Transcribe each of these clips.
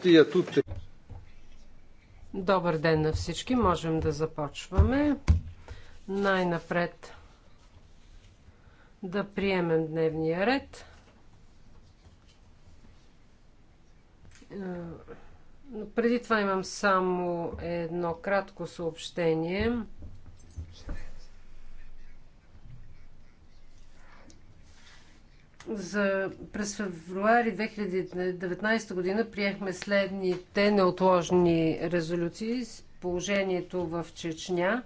tutti e a tutte. Добър ден на всички. Можем да започваме. Най-напред да приемем дневния ред. Но е, преди това имам само едно кратко съобщение. за през февруари 2019 година приехме следните неотложни резолюции с положението в Чечня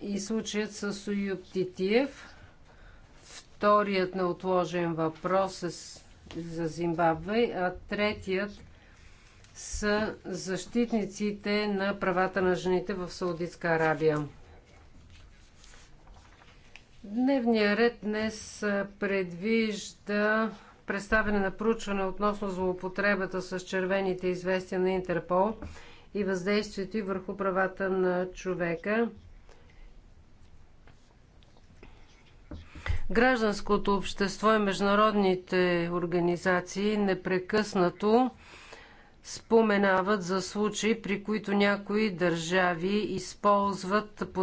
и случаят с Уюб Титиев. Вторият неотложен въпрос е за Зимбабве, а третият са защитниците на правата на жените в Саудитска Арабия. Дневният ред днес предвижда представяне на проучване относно злоупотребата с червените известия на Интерпол и въздействието и върху правата на човека. Гражданското общество и международните организации непрекъснато споменават за случаи, при които някои държави използват по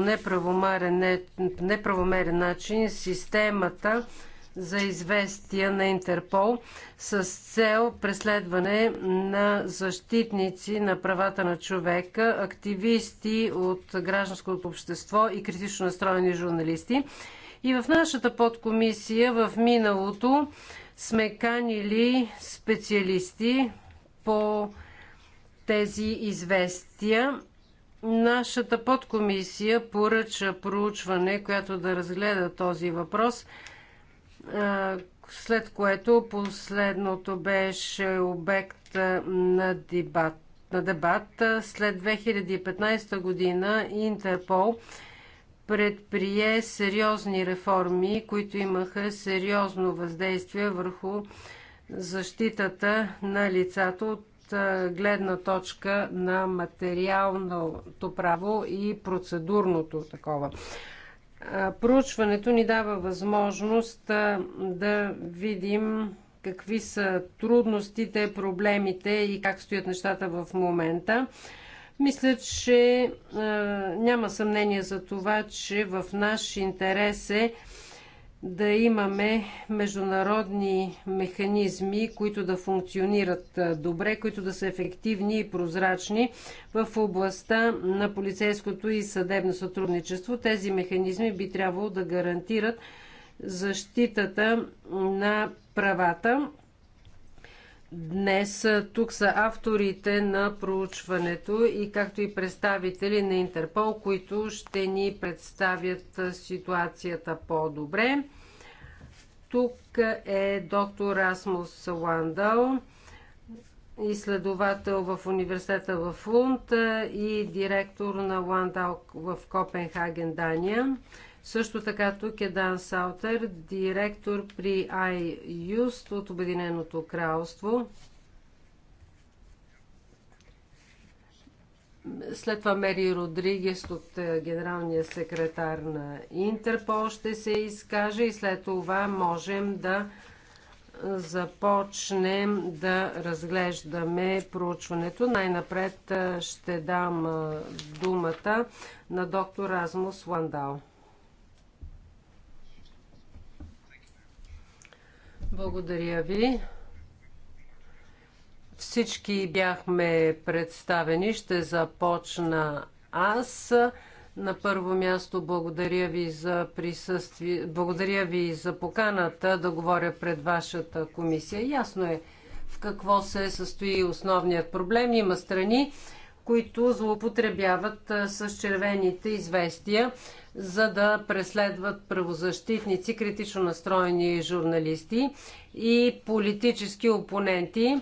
неправомерен начин системата за известия на Интерпол с цел преследване на защитници на правата на човека, активисти от гражданското общество и критично настроени журналисти. И в нашата подкомисия в миналото сме канили специалисти, по тези известия. Нашата подкомисия поръча проучване, която да разгледа този въпрос, след което последното беше обект на дебат. На дебат. След 2015 година Интерпол предприе сериозни реформи, които имаха сериозно въздействие върху защитата на лицата от гледна точка на материалното право и процедурното такова. Проучването ни дава възможност да видим какви са трудностите, проблемите и как стоят нещата в момента. Мисля, че няма съмнение за това, че в наш интерес е да имаме международни механизми, които да функционират добре, които да са ефективни и прозрачни в областта на полицейското и съдебно сътрудничество. Тези механизми би трябвало да гарантират защитата на правата Днес тук са авторите на проучването и както и представители на Интерпол, които ще ни представят ситуацията по-добре. Тук е доктор Расмус Ландал, изследовател в университета в Лунд и директор на Ландал в Копенхаген, Дания. Също така тук е Дан Саутер, директор при iUst от Обединеното кралство. След това Мери Родригес от е, генералния секретар на Интерпол ще се изкаже и след това можем да започнем да разглеждаме проучването. Най-напред е, ще дам е, думата на доктор Размус Ландал. Благодаря ви. Всички бяхме представени. Ще започна аз. На първо място благодаря ви за присъствие, благодаря ви за поканата да говоря пред вашата комисия. Ясно е в какво се състои основният проблем. Има страни, които злоупотребяват с червените известия за да преследват правозащитници, критично настроени журналисти и политически опоненти.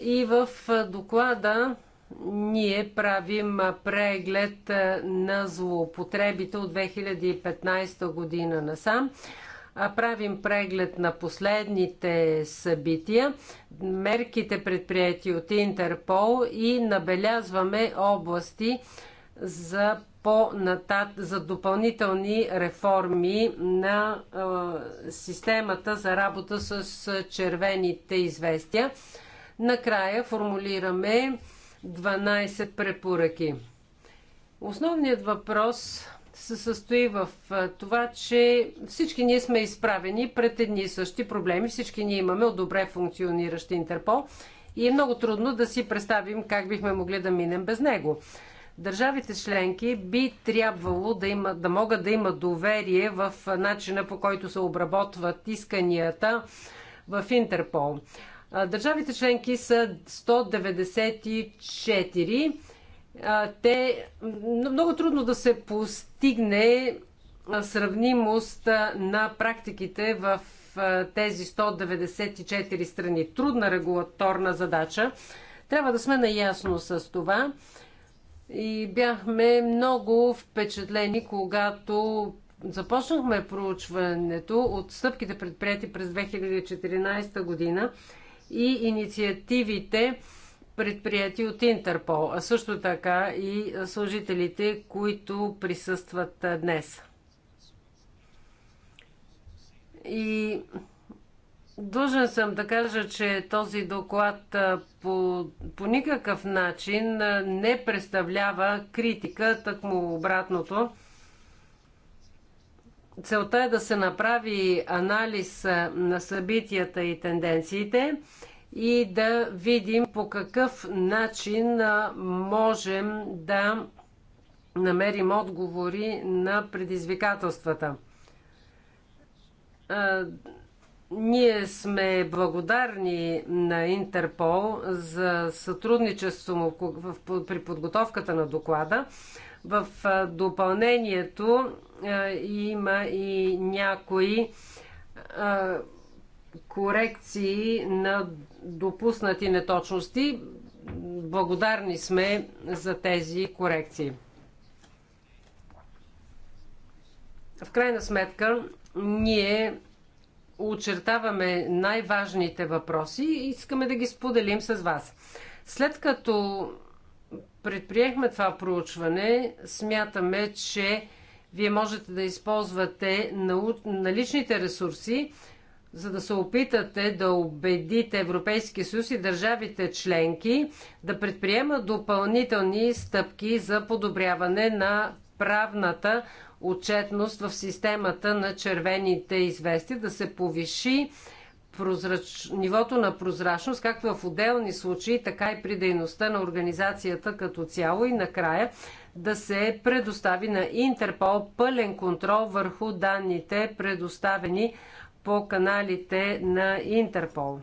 И в доклада ние правим преглед на злоупотребите от 2015 година насам. Правим преглед на последните събития, мерките предприяти от Интерпол и набелязваме области за по-натат за допълнителни реформи на е, системата за работа с червените известия. Накрая формулираме 12 препоръки. Основният въпрос се състои в това, че всички ние сме изправени пред едни и същи проблеми. Всички ние имаме добре функциониращ Интерпол и е много трудно да си представим как бихме могли да минем без него. Държавите членки би трябвало да, има, да могат да имат доверие в начина по който се обработват исканията в Интерпол. Държавите членки са 194. Те много трудно да се постигне сравнимост на практиките в тези 194 страни. Трудна регулаторна задача. Трябва да сме наясно с това и бяхме много впечатлени, когато започнахме проучването от стъпките предприяти през 2014 година и инициативите предприяти от Интерпол, а също така и служителите, които присъстват днес. И Дължен съм да кажа, че този доклад по, по никакъв начин не представлява критика, му обратното. Целта е да се направи анализ на събитията и тенденциите и да видим по какъв начин можем да намерим отговори на предизвикателствата ние сме благодарни на Интерпол за сътрудничество му при подготовката на доклада. В допълнението има и някои корекции на допуснати неточности. Благодарни сме за тези корекции. В крайна сметка, ние очертаваме най-важните въпроси и искаме да ги споделим с вас. След като предприехме това проучване, смятаме, че вие можете да използвате наличните ресурси, за да се опитате да убедите Европейския съюз и държавите членки да предприемат допълнителни стъпки за подобряване на правната отчетност в системата на червените извести, да се повиши прозрач... нивото на прозрачност, както в отделни случаи, така и при дейността на организацията като цяло и накрая да се предостави на Интерпол пълен контрол върху данните, предоставени по каналите на Интерпол.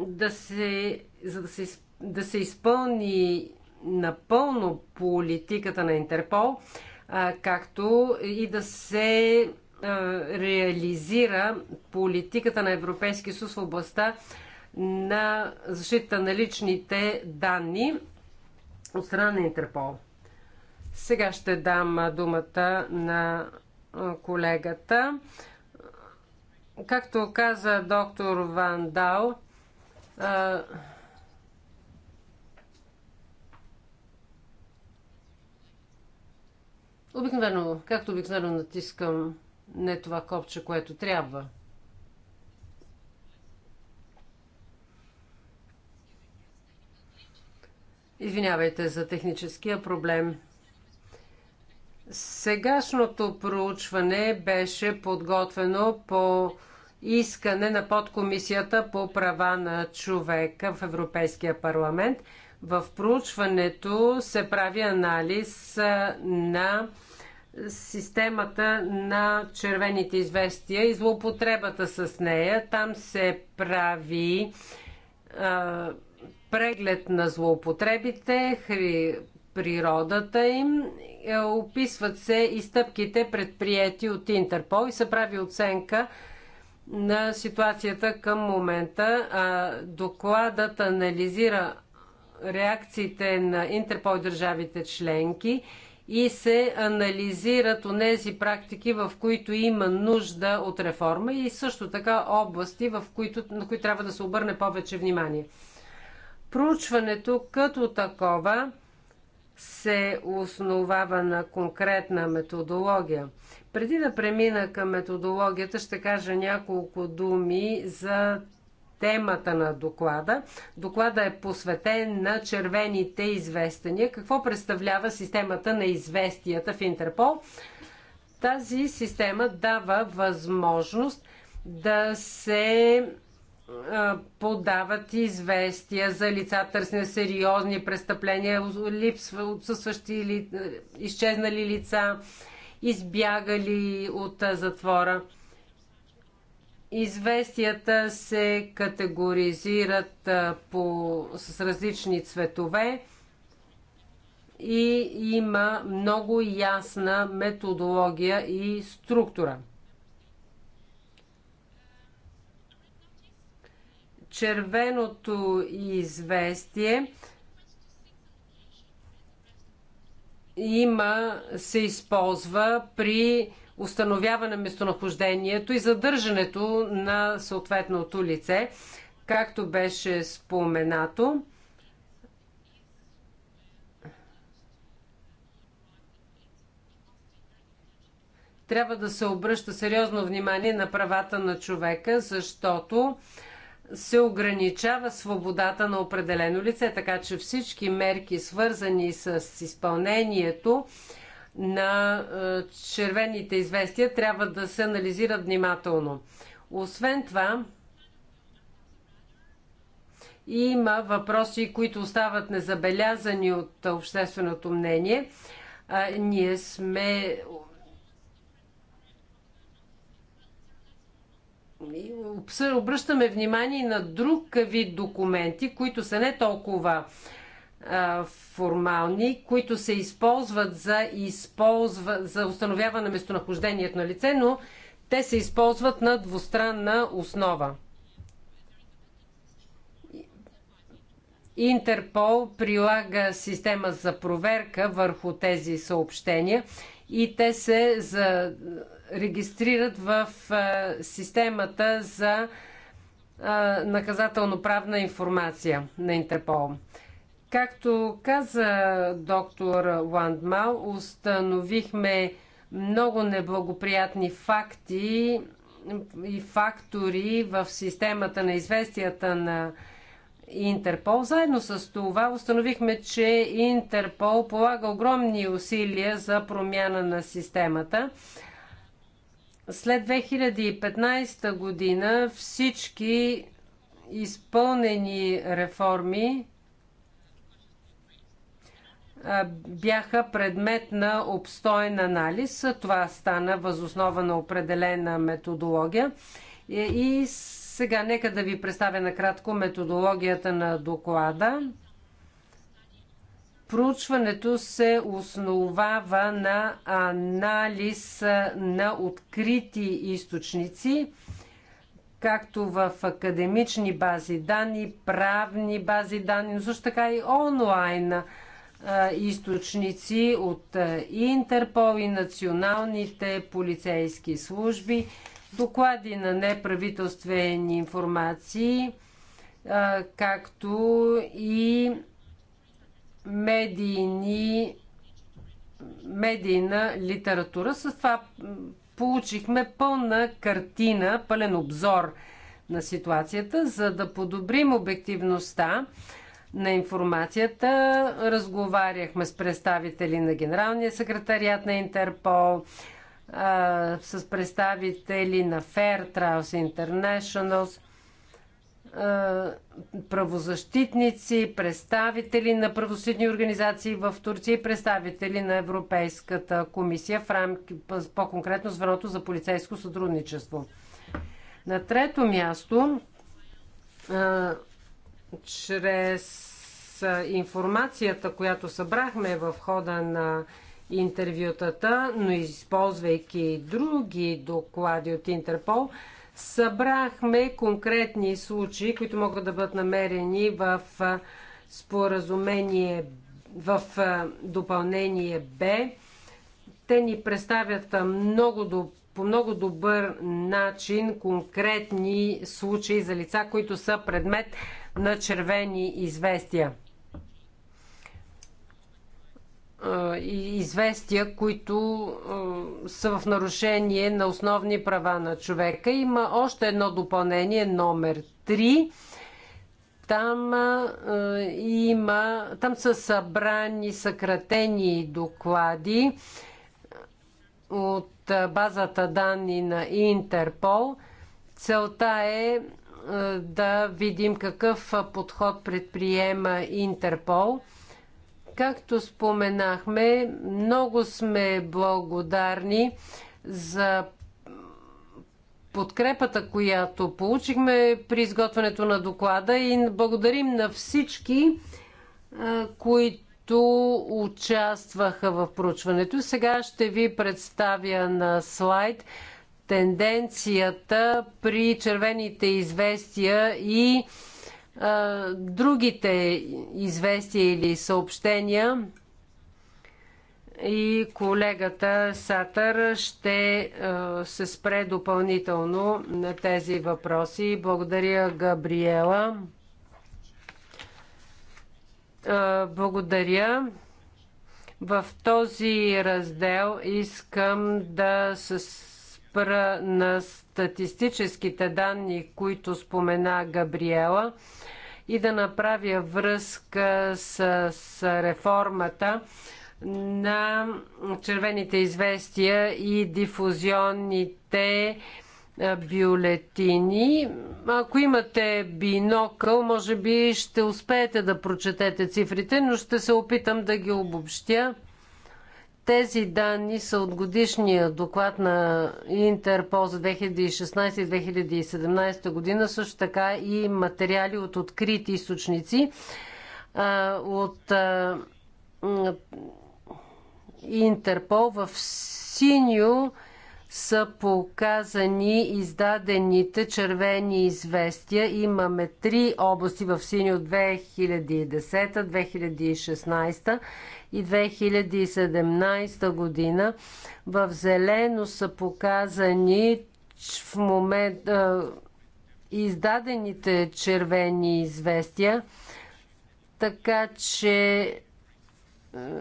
Да се, за да се, да се изпълни напълно политиката на Интерпол, както и да се реализира политиката на Европейския съюз в областта на защита на личните данни от страна на Интерпол. Сега ще дам думата на колегата. Както каза доктор Ван Дал, Обикновено, както обикновено натискам не това копче, което трябва. Извинявайте за техническия проблем. Сегашното проучване беше подготвено по искане на подкомисията по права на човека в Европейския парламент. В проучването се прави анализ на системата на червените известия и злоупотребата с нея. Там се прави а, преглед на злоупотребите, хри, природата им, е, описват се и стъпките предприяти от Интерпол и се прави оценка на ситуацията към момента. А, докладът анализира реакциите на Интерпол и държавите членки – и се анализират онези практики, в които има нужда от реформа и също така области, в които, на които трябва да се обърне повече внимание. Проучването като такова се основава на конкретна методология. Преди да премина към методологията, ще кажа няколко думи за темата на доклада. Доклада е посветен на червените известения. Какво представлява системата на известията в Интерпол? Тази система дава възможност да се подават известия за лица, търсене сериозни престъпления, липсва, отсъстващи ли, изчезнали лица, избягали от затвора – Известията се категоризират по, с различни цветове и има много ясна методология и структура. Червеното известие има, се използва при установяване местонахождението и задържането на съответното лице, както беше споменато. Трябва да се обръща сериозно внимание на правата на човека, защото се ограничава свободата на определено лице, така че всички мерки, свързани с изпълнението, на е, червените известия трябва да се анализират внимателно. Освен това, има въпроси, които остават незабелязани от общественото мнение. А, ние сме обръщаме внимание на друг вид документи, които са не толкова формални, които се използват за, използва, за установяване на местонахождението на лице, но те се използват на двустранна основа. Интерпол прилага система за проверка върху тези съобщения и те се за... регистрират в системата за наказателно-правна информация на Интерпол. Както каза доктор Ландмал, установихме много неблагоприятни факти и фактори в системата на известията на Интерпол. Заедно с това установихме, че Интерпол полага огромни усилия за промяна на системата. След 2015 година всички изпълнени реформи бяха предмет на обстоен анализ. Това стана възоснова на определена методология. Е, и сега нека да ви представя накратко методологията на доклада. Проучването се основава на анализ на открити източници, както в академични бази данни, правни бази данни, но също така и онлайн източници от Интерпол и националните полицейски служби, доклади на неправителствени информации, както и медийни, медийна литература. С това получихме пълна картина, пълен обзор на ситуацията, за да подобрим обективността на информацията. Разговаряхме с представители на Генералния секретариат на Интерпол, а, с представители на Fair Trials International, правозащитници, представители на правосъдни организации в Турция и представители на Европейската комисия, в рамки, по-конкретно звеното за полицейско сътрудничество. На трето място, а, чрез информацията, която събрахме в хода на интервютата, но използвайки и други доклади от Интерпол, събрахме конкретни случаи, които могат да бъдат намерени в споразумение в допълнение Б. Те ни представят много, по много добър начин конкретни случаи за лица, които са предмет на червени известия известия, които са в нарушение на основни права на човека. Има още едно допълнение, номер 3. Там, има, там са събрани съкратени доклади от базата данни на Интерпол. Целта е да видим какъв подход предприема Интерпол – Както споменахме, много сме благодарни за подкрепата, която получихме при изготвянето на доклада и благодарим на всички, които участваха в проучването. Сега ще ви представя на слайд тенденцията при червените известия и другите известия или съобщения и колегата Сатър ще се спре допълнително на тези въпроси. Благодаря, Габриела. Благодаря. В този раздел искам да се спра на статистическите данни, които спомена Габриела и да направя връзка с, с реформата на червените известия и дифузионните бюлетини. Ако имате бинокъл, може би ще успеете да прочетете цифрите, но ще се опитам да ги обобщя. Тези данни са от годишния доклад на Интерпол за 2016-2017 година, също така и материали от открити източници от Интерпол в синьо са показани издадените червени известия. Имаме три области в сини от 2010, 2016 и 2017 година. В зелено са показани в момент а, издадените червени известия, така че а,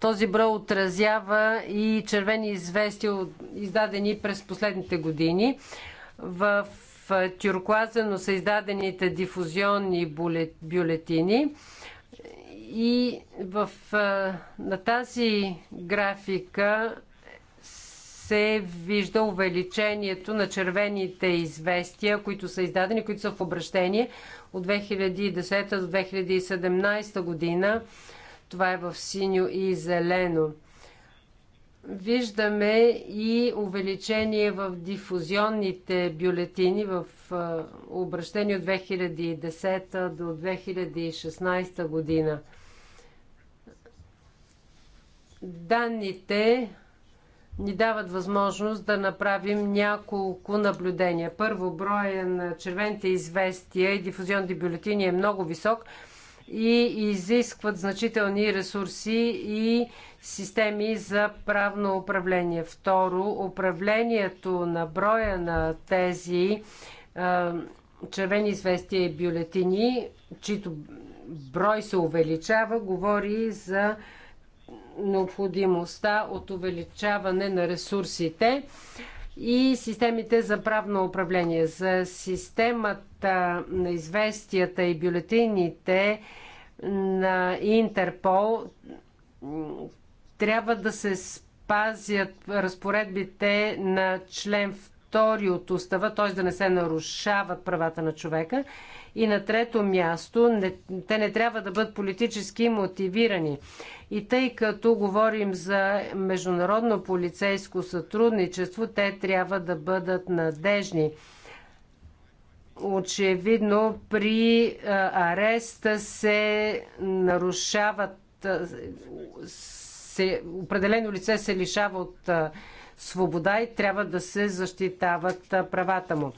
този брой отразява и червени известия, издадени през последните години. В тюркуазено са издадените дифузионни бюлетини. И в, на тази графика се вижда увеличението на червените известия, които са издадени, които са в обращение от 2010 до 2017 година това е в синьо и зелено. Виждаме и увеличение в дифузионните бюлетини в обращение от 2010 до 2016 година. Данните ни дават възможност да направим няколко наблюдения. Първо, броя на червените известия и дифузионните бюлетини е много висок – и изискват значителни ресурси и системи за правно управление. Второ, управлението на броя на тези а, червени известия и бюлетини, чието брой се увеличава, говори за необходимостта от увеличаване на ресурсите и системите за правно управление. За системата на известията и бюлетините на Интерпол трябва да се спазят разпоредбите на член 2 от устава, т.е. да не се нарушават правата на човека и на трето място, не, те не трябва да бъдат политически мотивирани. И тъй като говорим за международно полицейско сътрудничество, те трябва да бъдат надежни. Очевидно при ареста се нарушават се, определено лице се лишава от свобода и трябва да се защитават правата му.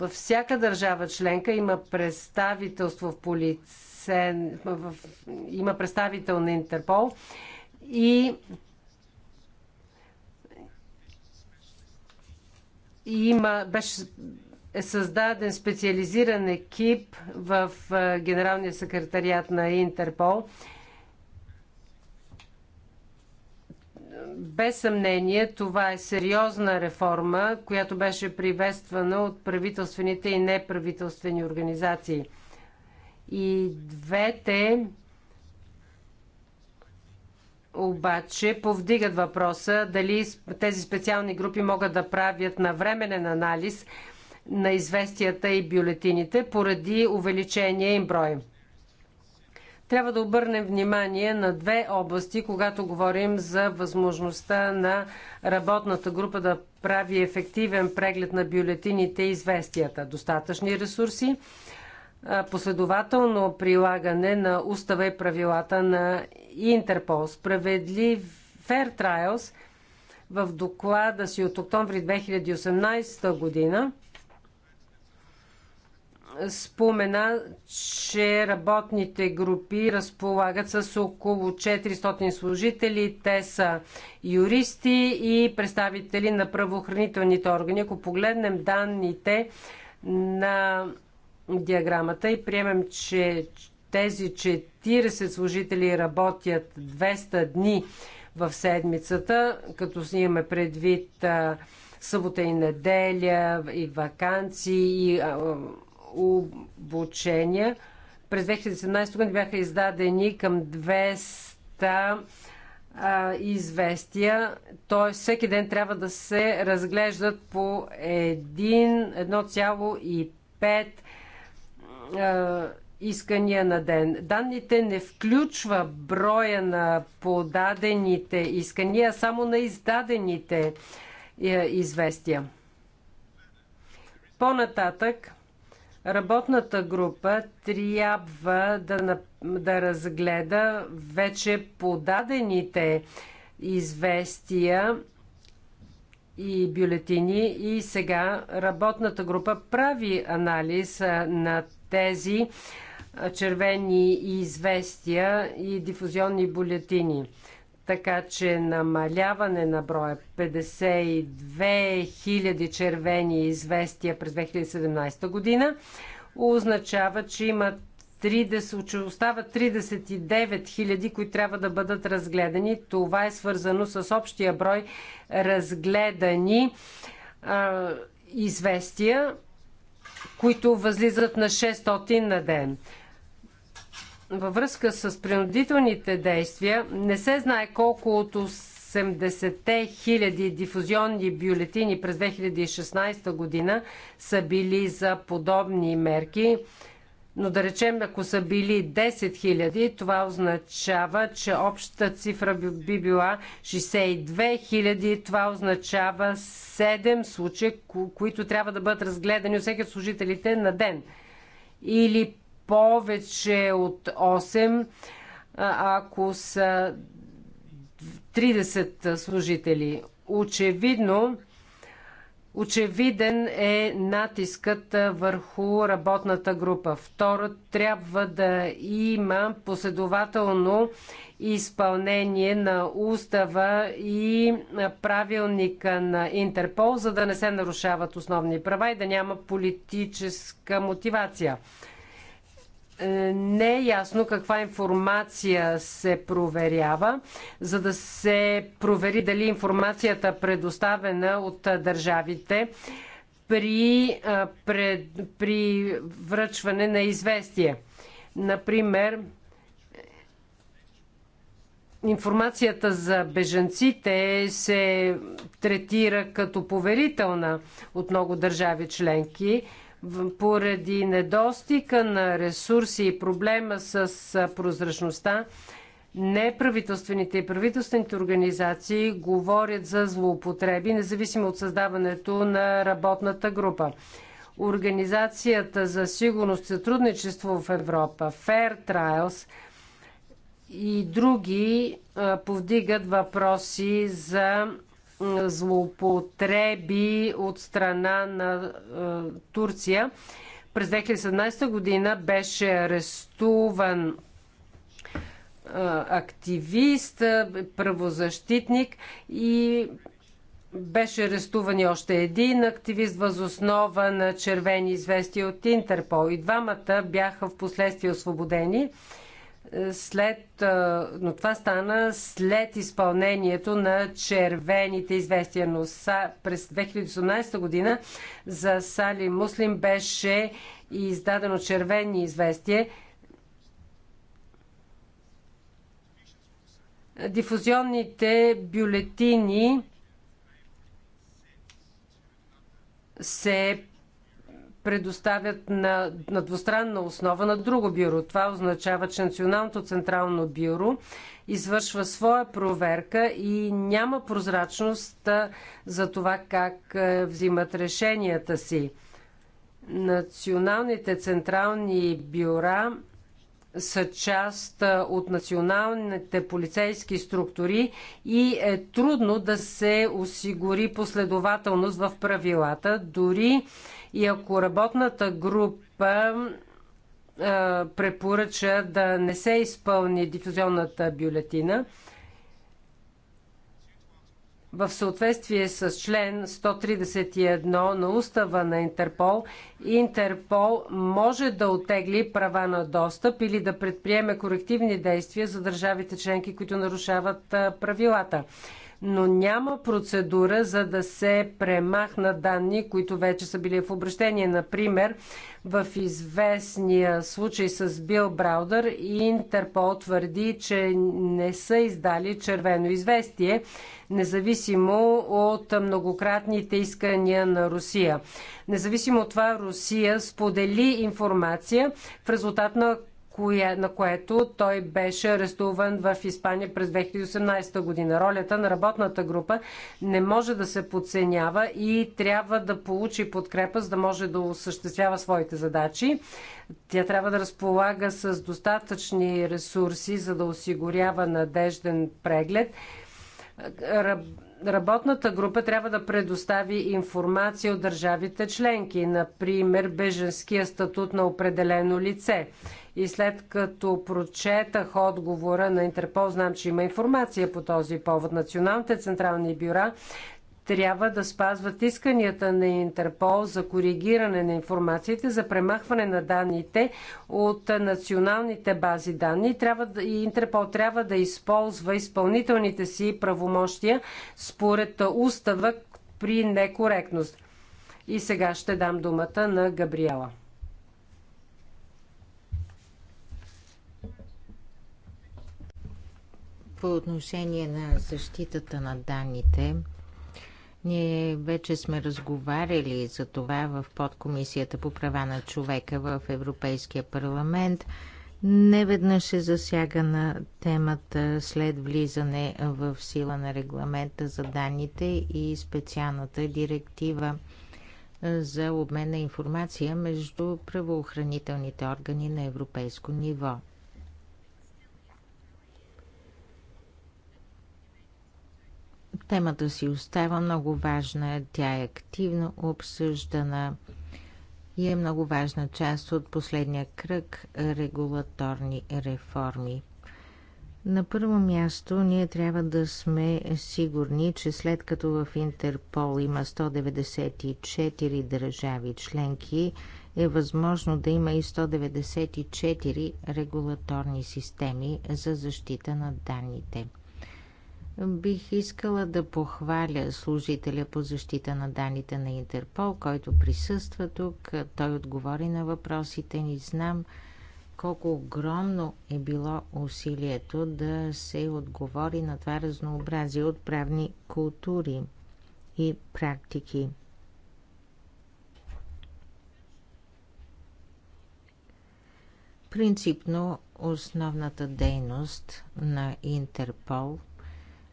Във всяка държава членка има представителство в полицен, в, има представител на Интерпол и има, беше е създаден специализиран екип в е, Генералния секретариат на Интерпол, без съмнение това е сериозна реформа, която беше приветствана от правителствените и неправителствени организации. И двете обаче повдигат въпроса дали тези специални групи могат да правят навременен анализ на известията и бюлетините поради увеличение им брой трябва да обърнем внимание на две области, когато говорим за възможността на работната група да прави ефективен преглед на бюлетините и известията. Достатъчни ресурси, последователно прилагане на устава и правилата на Интерпол, справедлив Fair Trials в доклада си от октомври 2018 година – спомена, че работните групи разполагат с около 400 служители. Те са юристи и представители на правоохранителните органи. Ако погледнем данните на диаграмата и приемем, че тези 40 служители работят 200 дни в седмицата, като си имаме предвид събота и неделя, и вакансии, и обучения. През 2017 година бяха издадени към 200 а, известия, т.е. всеки ден трябва да се разглеждат по 1,5 искания на ден. Данните не включва броя на подадените искания, а само на издадените е, известия. По-нататък Работната група трябва да, да разгледа вече подадените известия и бюлетини и сега работната група прави анализ на тези червени известия и дифузионни бюлетини. Така че намаляване на броя 52 000 червени известия през 2017 година означава, че има 30, че остават 39 000, които трябва да бъдат разгледани. Това е свързано с общия брой разгледани а, известия, които възлизат на 600 на ден във връзка с принудителните действия не се знае колко от 80-те хиляди дифузионни бюлетини през 2016 година са били за подобни мерки. Но да речем, ако са били 10 000, това означава, че общата цифра би била 62 000. Това означава 7 случая, които трябва да бъдат разгледани от всеки от служителите на ден. Или повече от 8, ако са 30 служители. Очевидно, очевиден е натискът върху работната група. Второ, трябва да има последователно изпълнение на устава и правилника на Интерпол, за да не се нарушават основни права и да няма политическа мотивация. Е, не е ясно каква информация се проверява, за да се провери дали информацията предоставена от държавите при, пред, при връчване на известие. Например, информацията за бежанците се третира като поверителна от много държави членки. Поради недостига на ресурси и проблема с прозрачността, неправителствените и правителствените организации говорят за злоупотреби, независимо от създаването на работната група. Организацията за сигурност и сътрудничество в Европа, Fair Trials и други повдигат въпроси за злоупотреби от страна на е, Турция. През 2017 година беше арестуван е, активист, е, правозащитник и беше арестуван и още един активист възоснова на червени известия от Интерпол. И двамата бяха в последствие освободени след, но това стана след изпълнението на червените известия, но са, през 2018 година за Сали Муслим беше издадено червени известия. Дифузионните бюлетини се предоставят на, на двустранна основа на друго бюро. Това означава, че Националното централно бюро извършва своя проверка и няма прозрачност за това как взимат решенията си. Националните централни бюра са част от националните полицейски структури и е трудно да се осигури последователност в правилата. Дори и ако работната група препоръча да не се изпълни дифузионната бюлетина, в съответствие с член 131 на устава на Интерпол, Интерпол може да отегли права на достъп или да предприеме корективни действия за държавите членки, които нарушават правилата но няма процедура за да се премахнат данни, които вече са били в обращение. Например, в известния случай с Бил Браудър и Интерпол твърди, че не са издали червено известие, независимо от многократните искания на Русия. Независимо от това, Русия сподели информация, в резултат на кое, на което той беше арестуван в Испания през 2018 година. Ролята на работната група не може да се подценява и трябва да получи подкрепа, за да може да осъществява своите задачи. Тя трябва да разполага с достатъчни ресурси, за да осигурява надежден преглед работната група трябва да предостави информация от държавите членки, например беженския статут на определено лице. И след като прочетах отговора на Интерпол, знам, че има информация по този повод. Националните централни бюра трябва да спазват исканията на Интерпол за коригиране на информациите, за премахване на данните от националните бази данни. Трябва да, и Интерпол трябва да използва изпълнителните си правомощия според устава при некоректност. И сега ще дам думата на Габриела. По отношение на защитата на данните, ние вече сме разговаряли за това в подкомисията по права на човека в Европейския парламент. Неведнъж е засягана темата след влизане в сила на регламента за данните и специалната директива за обмен на информация между правоохранителните органи на европейско ниво. Темата си остава много важна, тя е активно обсъждана и е много важна част от последния кръг регулаторни реформи. На първо място ние трябва да сме сигурни, че след като в Интерпол има 194 държави членки, е възможно да има и 194 регулаторни системи за защита на данните – Бих искала да похваля служителя по защита на данните на Интерпол, който присъства тук. Той отговори на въпросите ни. Знам колко огромно е било усилието да се отговори на това разнообразие от правни култури и практики. Принципно основната дейност на Интерпол –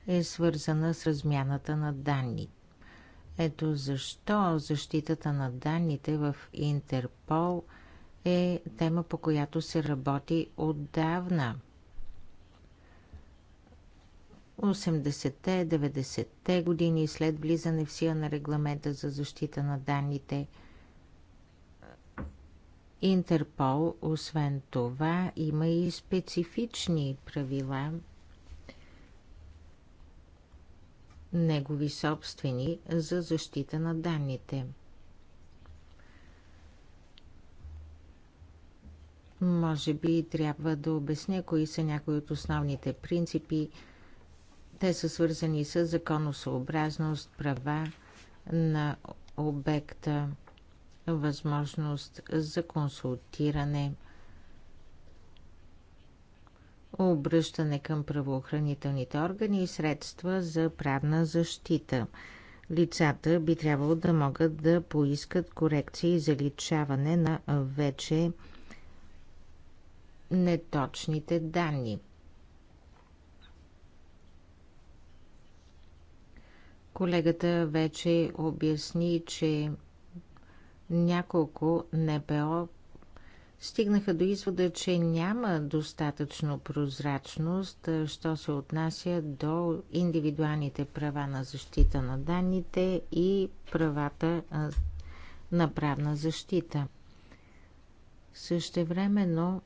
е свързана с размяната на данни. Ето защо защитата на данните в Интерпол е тема, по която се работи отдавна. 80-те, 90-те години след влизане в сила на регламента за защита на данните – Интерпол, освен това, има и специфични правила негови собствени за защита на данните. Може би трябва да обясня кои са някои от основните принципи. Те са свързани с законосъобразност, права на обекта, възможност за консултиране – обръщане към правоохранителните органи и средства за правна защита. Лицата би трябвало да могат да поискат корекции за личаване на вече неточните данни. Колегата вече обясни, че няколко НПО стигнаха до извода, че няма достатъчно прозрачност, що се отнася до индивидуалните права на защита на данните и правата на правна защита. Същевременно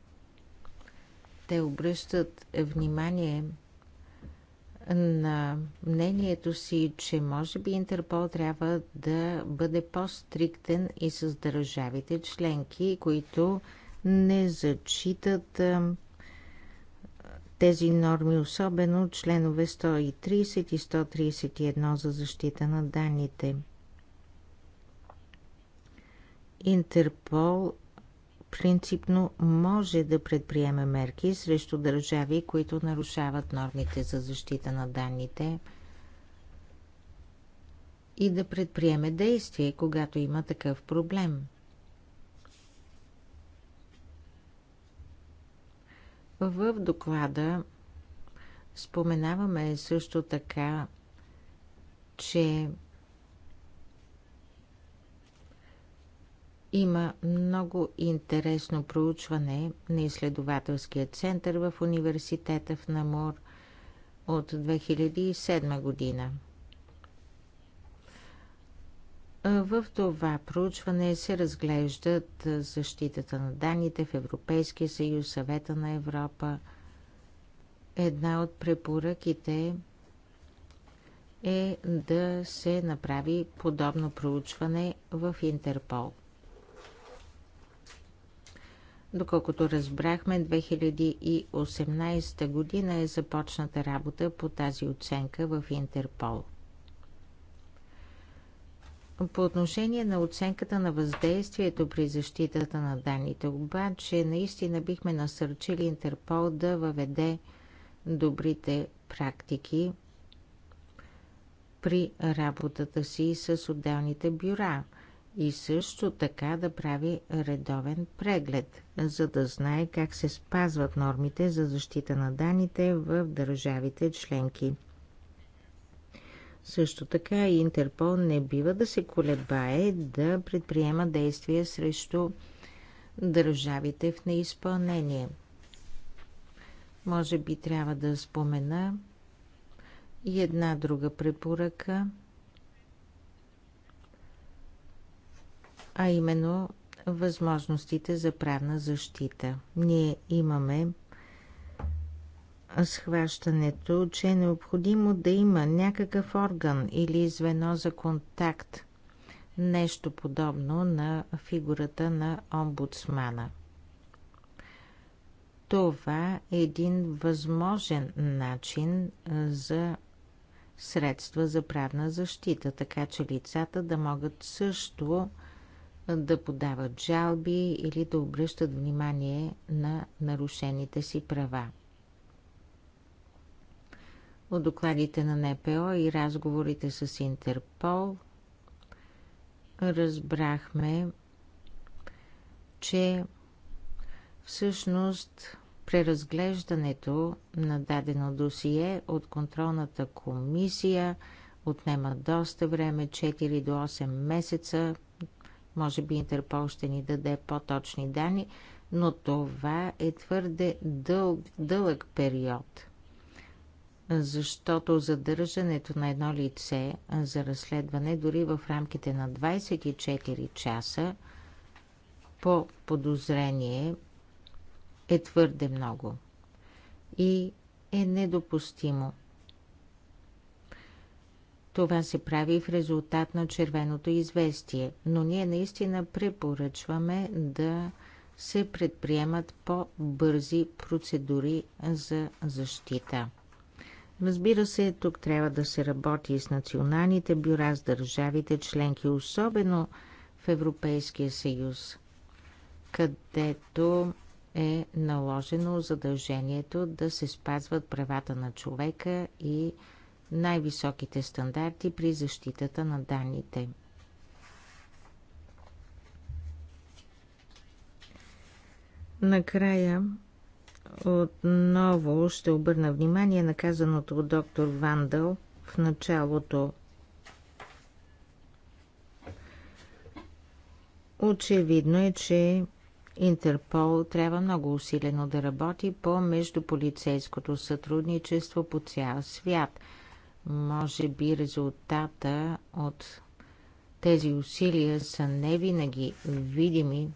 те обръщат внимание на мнението си, че може би Интерпол трябва да бъде по-стриктен и с държавите членки, които не зачитат тези норми, особено членове 130 и 131 за защита на данните. Интерпол принципно може да предприеме мерки срещу държави, които нарушават нормите за защита на данните и да предприеме действие, когато има такъв проблем. В доклада споменаваме също така, че Има много интересно проучване на изследователския център в университета в Намор от 2007 година. В това проучване се разглеждат защитата на данните в Европейския съюз, Съвета на Европа. Една от препоръките е да се направи подобно проучване в Интерпол. Доколкото разбрахме, 2018 година е започната работа по тази оценка в Интерпол. По отношение на оценката на въздействието при защитата на данните, обаче наистина бихме насърчили Интерпол да въведе добрите практики при работата си с отделните бюра – и също така да прави редовен преглед, за да знае как се спазват нормите за защита на данните в държавите членки. Също така и Интерпол не бива да се колебае да предприема действия срещу държавите в неизпълнение. Може би трябва да спомена и една друга препоръка – а именно възможностите за правна защита. Ние имаме схващането, че е необходимо да има някакъв орган или звено за контакт, нещо подобно на фигурата на омбудсмана. Това е един възможен начин за средства за правна защита, така че лицата да могат също да подават жалби или да обръщат внимание на нарушените си права. От докладите на НПО и разговорите с Интерпол разбрахме, че всъщност преразглеждането на дадено досие от контролната комисия отнема доста време 4 до 8 месеца може би Интерпол ще ни даде по-точни данни, но това е твърде дълг, дълъг период. Защото задържането на едно лице за разследване дори в рамките на 24 часа по подозрение е твърде много и е недопустимо. Това се прави в резултат на червеното известие, но ние наистина препоръчваме да се предприемат по-бързи процедури за защита. Разбира се, тук трябва да се работи с националните бюра, с държавите членки, особено в Европейския съюз, където е наложено задължението да се спазват правата на човека и най-високите стандарти при защитата на данните. Накрая отново ще обърна внимание на казаното от доктор Вандъл в началото. Очевидно е, че Интерпол трябва много усилено да работи по междуполицейското сътрудничество по цял свят – може би резултата от тези усилия са не винаги видими,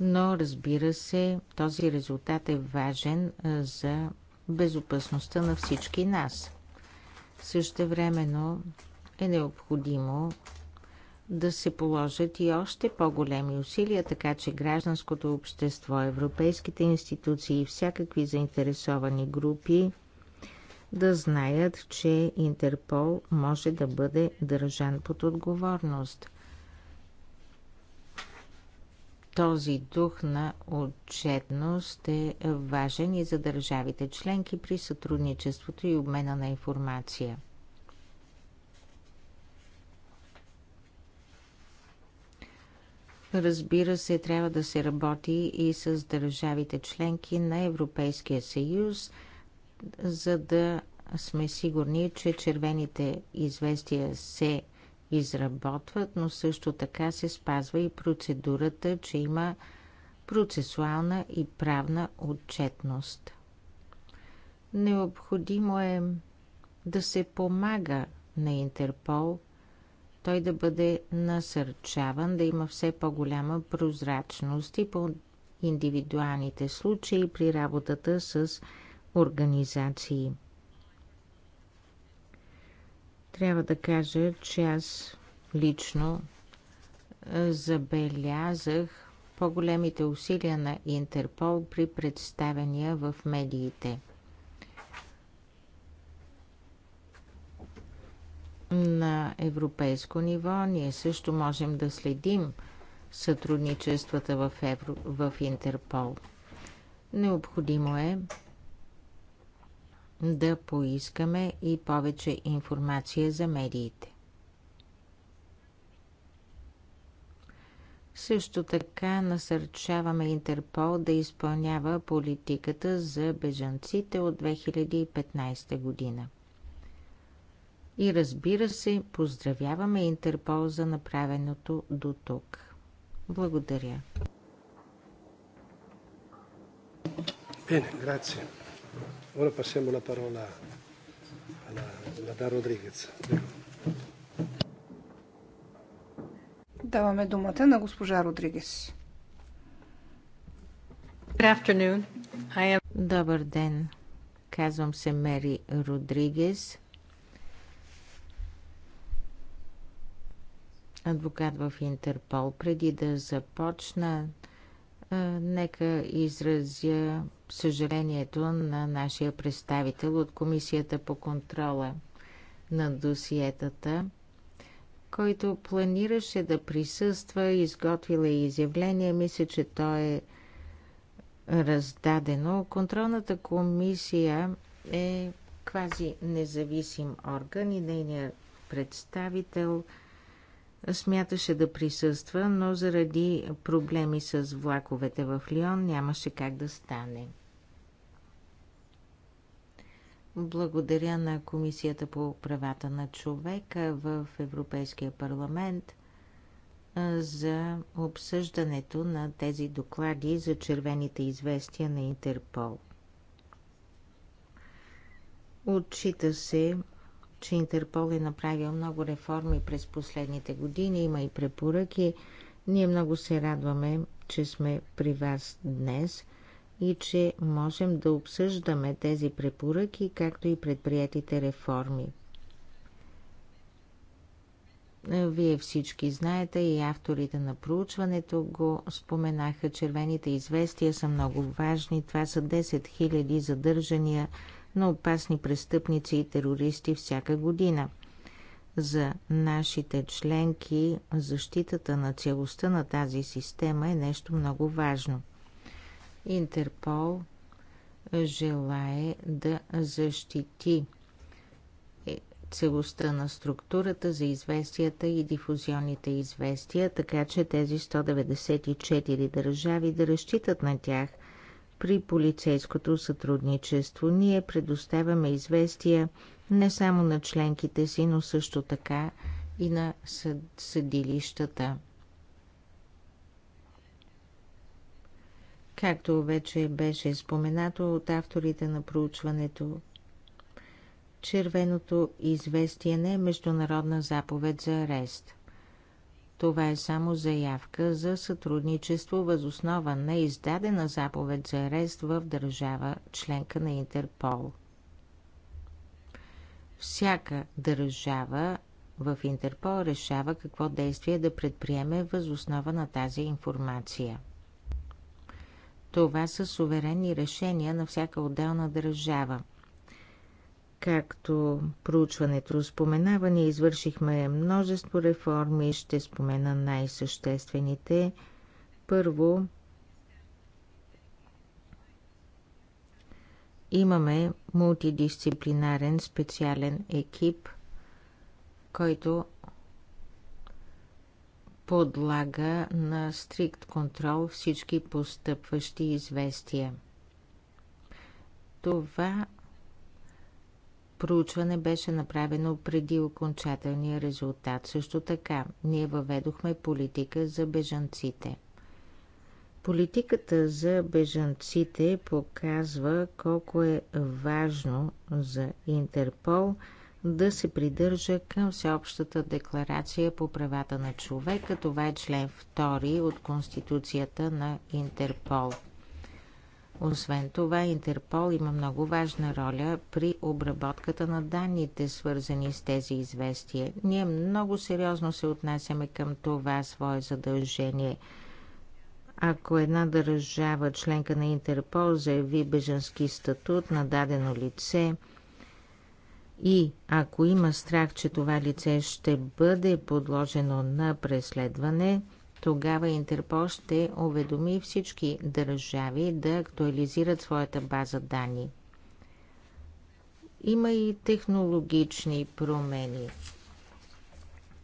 но разбира се, този резултат е важен за безопасността на всички нас. Също времено е необходимо да се положат и още по-големи усилия, така че гражданското общество, европейските институции и всякакви заинтересовани групи – да знаят, че Интерпол може да бъде държан под отговорност. Този дух на отчетност е важен и за държавите членки при сътрудничеството и обмена на информация. Разбира се, трябва да се работи и с държавите членки на Европейския съюз – за да сме сигурни, че червените известия се изработват, но също така се спазва и процедурата, че има процесуална и правна отчетност. Необходимо е да се помага на Интерпол, той да бъде насърчаван, да има все по-голяма прозрачност и по индивидуалните случаи при работата с организации. Трябва да кажа, че аз лично забелязах по-големите усилия на Интерпол при представения в медиите. На европейско ниво ние също можем да следим сътрудничествата в, Евро... в Интерпол. Необходимо е да поискаме и повече информация за медиите. Също така насърчаваме Интерпол да изпълнява политиката за бежанците от 2015 година. И разбира се, поздравяваме Интерпол за направеното до тук. Благодаря. Bene, grazie. Ora passiamo la parola alla, alla Dan Rodriguez. Даваме думата на госпожа Родригес. Добър ден. Казвам се Мери Родригес. Адвокат в Интерпол. Преди да започна, нека изразя съжалението на нашия представител от Комисията по контрола на досиетата, който планираше да присъства, изготвила и изявление. Мисля, че то е раздадено. Контролната комисия е квази независим орган и нейният представител смяташе да присъства, но заради проблеми с влаковете в Лион нямаше как да стане. Благодаря на Комисията по правата на човека в Европейския парламент за обсъждането на тези доклади за червените известия на Интерпол. Отчита се, че Интерпол е направил много реформи през последните години, има и препоръки. Ние много се радваме, че сме при вас днес – и че можем да обсъждаме тези препоръки, както и предприятите реформи. Вие всички знаете и авторите на проучването го споменаха. Червените известия са много важни. Това са 10 000 задържания на опасни престъпници и терористи всяка година. За нашите членки защитата на целостта на тази система е нещо много важно. Интерпол желае да защити е, целостта на структурата за известията и дифузионните известия, така че тези 194 държави да разчитат на тях при полицейското сътрудничество. Ние предоставяме известия не само на членките си, но също така и на съд, съдилищата. както вече беше споменато от авторите на проучването. Червеното известие не е международна заповед за арест. Това е само заявка за сътрудничество възоснова на издадена заповед за арест в държава членка на Интерпол. Всяка държава в Интерпол решава какво действие да предприеме възоснова на тази информация. Това са суверенни решения на всяка отделна държава. Както проучването споменава, ние извършихме множество реформи, ще спомена най-съществените. Първо, имаме мултидисциплинарен специален екип, който подлага на стрикт контрол всички постъпващи известия. Това проучване беше направено преди окончателния резултат. Също така, ние въведохме политика за бежанците. Политиката за бежанците показва колко е важно за Интерпол – да се придържа към Всеобщата декларация по правата на човека. Това е член 2 от Конституцията на Интерпол. Освен това, Интерпол има много важна роля при обработката на данните, свързани с тези известия. Ние много сериозно се отнасяме към това свое задължение. Ако една държава, членка на Интерпол, заяви беженски статут на дадено лице – и ако има страх, че това лице ще бъде подложено на преследване, тогава Интерпол ще уведоми всички държави да актуализират своята база данни. Има и технологични промени.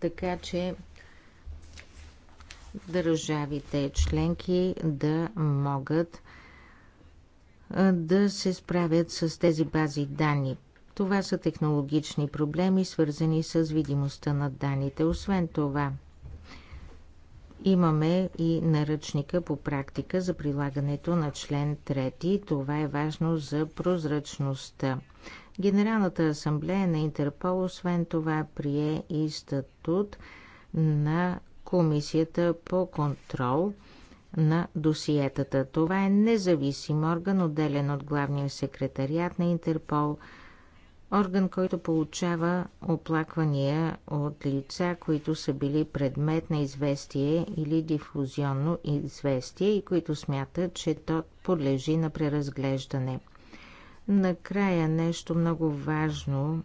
Така че държавите членки да могат да се справят с тези бази данни това са технологични проблеми, свързани с видимостта на данните. Освен това, имаме и наръчника по практика за прилагането на член 3. Това е важно за прозрачността. Генералната асамблея на Интерпол освен това прие и статут на Комисията по контрол на досиетата. Това е независим орган, отделен от главния секретариат на Интерпол – орган, който получава оплаквания от лица, които са били предмет на известие или дифузионно известие и които смятат, че то подлежи на преразглеждане. Накрая нещо много важно,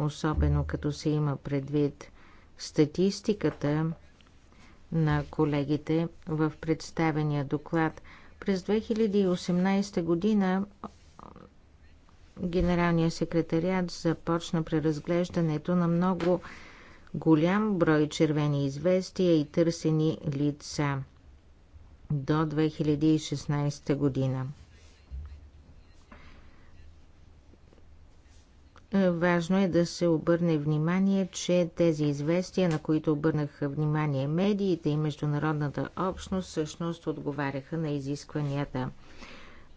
особено като се има предвид статистиката на колегите в представения доклад. През 2018 година Генералният секретариат започна преразглеждането на много голям брой червени известия и търсени лица до 2016 година. Важно е да се обърне внимание, че тези известия, на които обърнаха внимание медиите и международната общност, всъщност отговаряха на изискванията –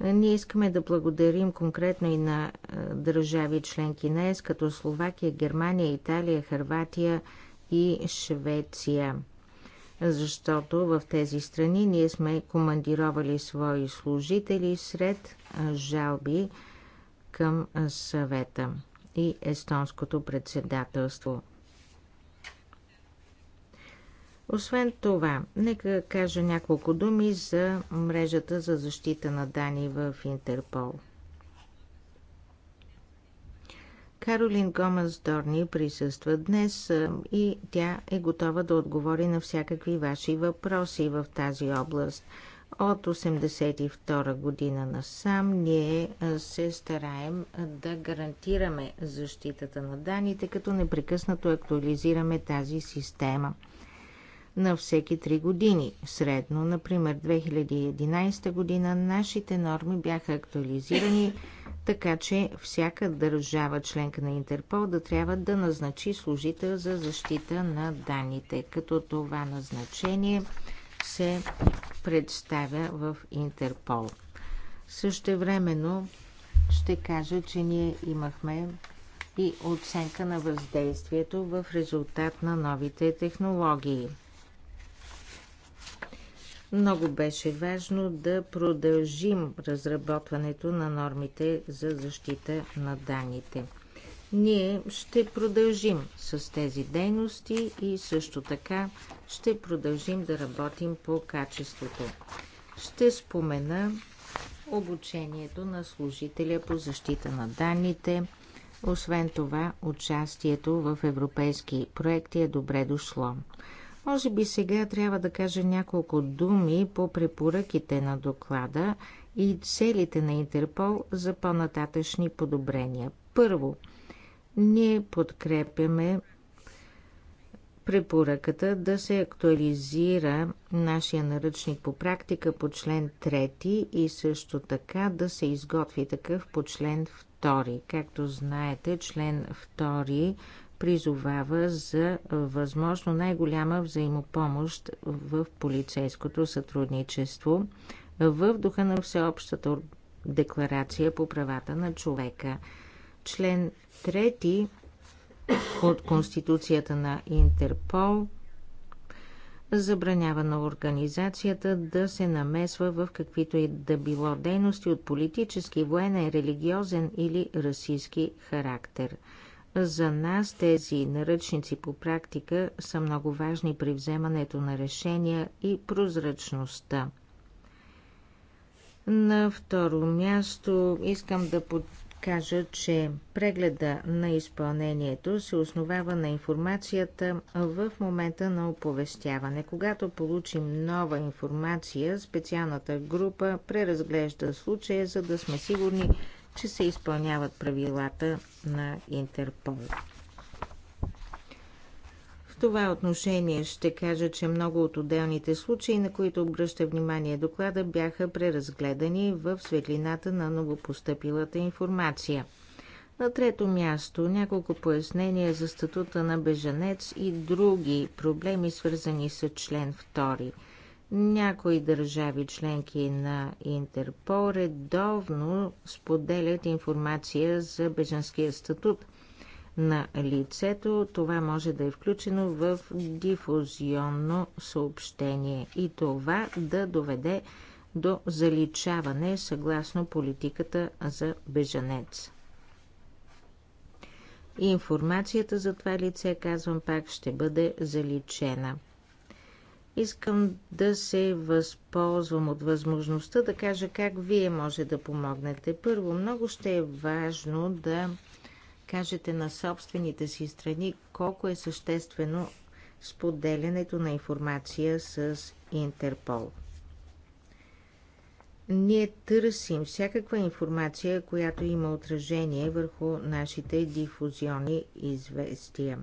ние искаме да благодарим конкретно и на държави членки на ЕС, като Словакия, Германия, Италия, Харватия и Швеция. Защото в тези страни ние сме командировали свои служители сред жалби към съвета и естонското председателство. Освен това, нека кажа няколко думи за мрежата за защита на данни в Интерпол. Каролин Гомес Дорни присъства днес и тя е готова да отговори на всякакви ваши въпроси в тази област. От 1982 година насам ние се стараем да гарантираме защитата на данните, като непрекъснато актуализираме тази система – на всеки 3 години. Средно, например, 2011 година нашите норми бяха актуализирани, така че всяка държава членка на Интерпол да трябва да назначи служител за защита на данните, като това назначение се представя в Интерпол. Също времено ще кажа, че ние имахме и оценка на въздействието в резултат на новите технологии. Много беше важно да продължим разработването на нормите за защита на данните. Ние ще продължим с тези дейности и също така ще продължим да работим по качеството. Ще спомена обучението на служителя по защита на данните. Освен това, участието в европейски проекти е добре дошло. Може би сега трябва да кажа няколко думи по препоръките на доклада и целите на Интерпол за по-нататъчни подобрения. Първо, ние подкрепяме препоръката да се актуализира нашия наръчник по практика по член 3 и също така да се изготви такъв по член 2. Както знаете, член 2 призовава за възможно най-голяма взаимопомощ в полицейското сътрудничество в духа на Всеобщата декларация по правата на човека. Член 3 от Конституцията на Интерпол забранява на организацията да се намесва в каквито и да било дейности от политически, военен, религиозен или расистски характер – за нас тези наръчници по практика са много важни при вземането на решения и прозрачността. На второ място искам да кажа, че прегледа на изпълнението се основава на информацията в момента на оповестяване. Когато получим нова информация, специалната група преразглежда случая, за да сме сигурни, че се изпълняват правилата на Интерпол. В това отношение ще кажа, че много от отделните случаи, на които обръща внимание доклада, бяха преразгледани в светлината на новопостъпилата информация. На трето място няколко пояснения за статута на бежанец и други проблеми, свързани с член 2. Някои държави членки на Интерпол редовно споделят информация за беженския статут на лицето. Това може да е включено в дифузионно съобщение и това да доведе до заличаване съгласно политиката за бежанец. Информацията за това лице, казвам пак, ще бъде заличена – Искам да се възползвам от възможността да кажа как вие може да помогнете. Първо, много ще е важно да кажете на собствените си страни колко е съществено споделянето на информация с Интерпол. Ние търсим всякаква информация, която има отражение върху нашите дифузионни известия.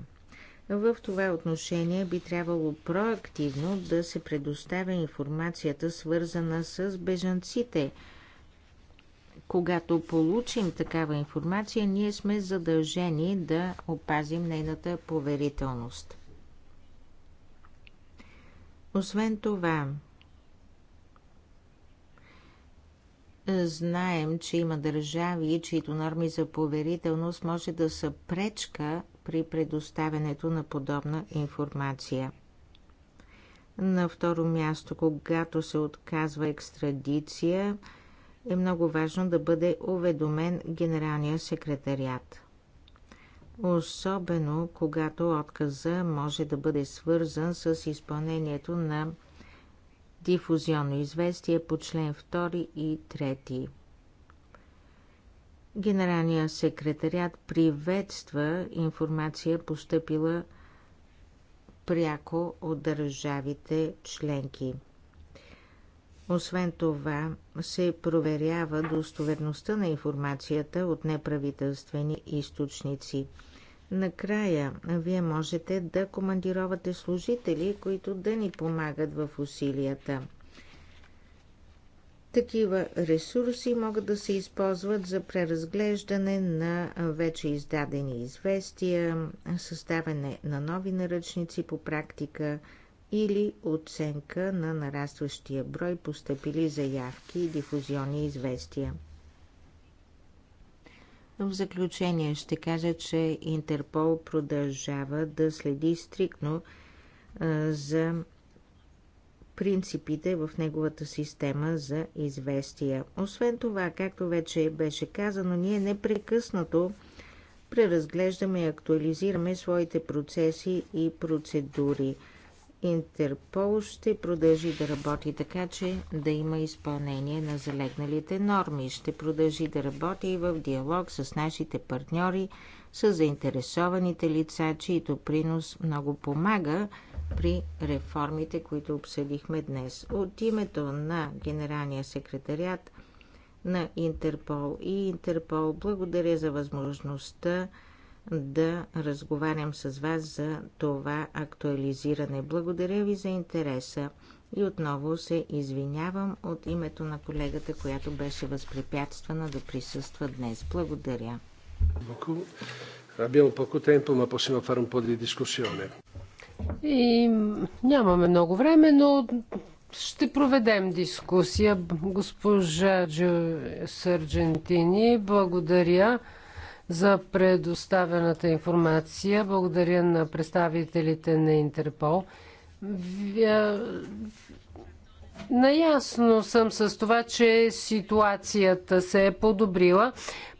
В това отношение би трябвало проактивно да се предоставя информацията, свързана с бежанците. Когато получим такава информация, ние сме задължени да опазим нейната поверителност. Освен това, знаем, че има държави, чието норми за поверителност може да са пречка при предоставянето на подобна информация. На второ място, когато се отказва екстрадиция, е много важно да бъде уведомен генералния секретариат. Особено когато отказа може да бъде свързан с изпълнението на дифузионно известие по член 2 и 3. Генералният секретарят приветства информация поступила пряко от държавите членки. Освен това, се проверява достоверността на информацията от неправителствени източници. Накрая, вие можете да командировате служители, които да ни помагат в усилията – такива ресурси могат да се използват за преразглеждане на вече издадени известия, съставяне на нови наръчници по практика или оценка на нарастващия брой постъпили заявки и дифузионни известия. В заключение ще кажа, че Интерпол продължава да следи стриктно за принципите в неговата система за известия. Освен това, както вече беше казано, ние непрекъснато преразглеждаме и актуализираме своите процеси и процедури. Интерпол ще продължи да работи така, че да има изпълнение на залегналите норми. Ще продължи да работи и в диалог с нашите партньори, с заинтересованите лица, чието принос много помага при реформите, които обсъдихме днес. От името на Генералния секретарят на Интерпол и Интерпол благодаря за възможността да разговарям с вас за това актуализиране. Благодаря ви за интереса и отново се извинявам от името на колегата, която беше възпрепятствана да присъства днес. Благодаря. Abbiamo poco tempo, ma possiamo fare un po' di discussione. И нямаме много време, но ще проведем дискусия. Госпожа Джо Сърджентини, благодаря за предоставената информация. Благодаря на представителите на Интерпол. Наясно съм с това, че ситуацията се е подобрила.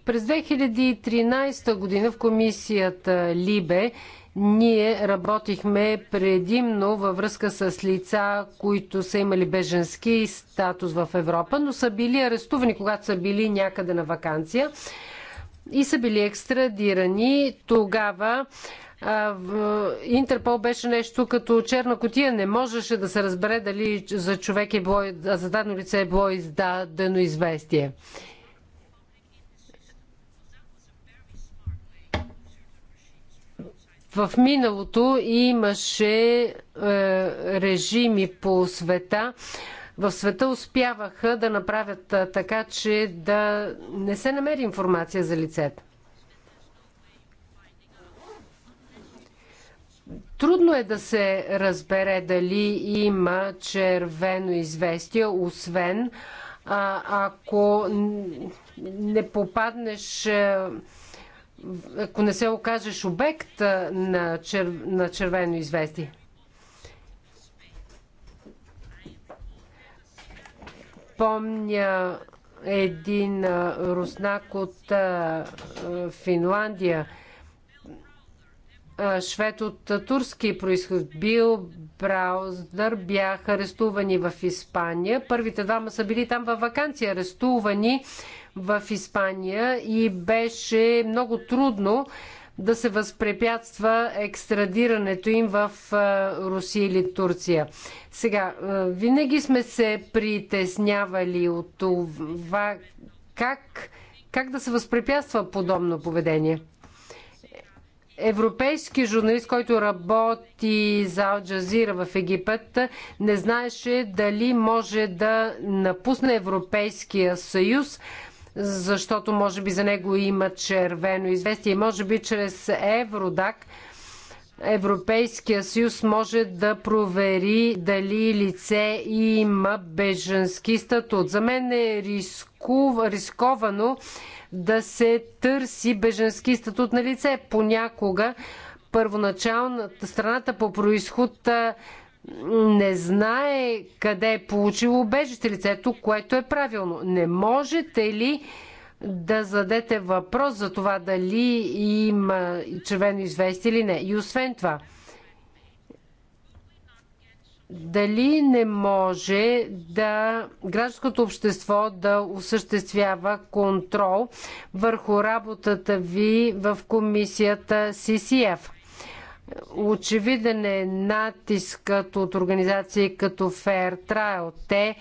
През 2013 година в комисията Либе ние работихме предимно във връзка с лица, които са имали беженски статус в Европа, но са били арестувани, когато са били някъде на вакансия и са били екстрадирани. Тогава Интерпол беше нещо като черна котия. Не можеше да се разбере дали за човек е било, за дадено лице е било издадено известие. В миналото имаше е, режими по света. В света успяваха да направят е, така, че да не се намери информация за лицето. Трудно е да се разбере дали има червено известие, освен а, ако не попаднеш. А, е, ако не се окажеш обект на, чер, на червено известие. Помня един руснак от Финландия, швед от турски происход, бил Браузър, бяха арестувани в Испания. Първите двама са били там във вакансия, арестувани в Испания и беше много трудно да се възпрепятства екстрадирането им в Русия или Турция. Сега, винаги сме се притеснявали от това как, как да се възпрепятства подобно поведение. Европейски журналист, който работи за Алджазира в Египет, не знаеше дали може да напусне Европейския съюз защото може би за него има червено известие. Може би чрез Евродак Европейския съюз може да провери дали лице има беженски статут. За мен е рисков, рисковано да се търси беженски статут на лице. Понякога първоначалната страната по происход не знае къде е получило убежище лицето, което е правилно. Не можете ли да зададете въпрос за това дали има червено известие или не? И освен това, дали не може да гражданското общество да осъществява контрол върху работата ви в комисията CCF? Очевиден е натискът от организации като Fair Trial. Те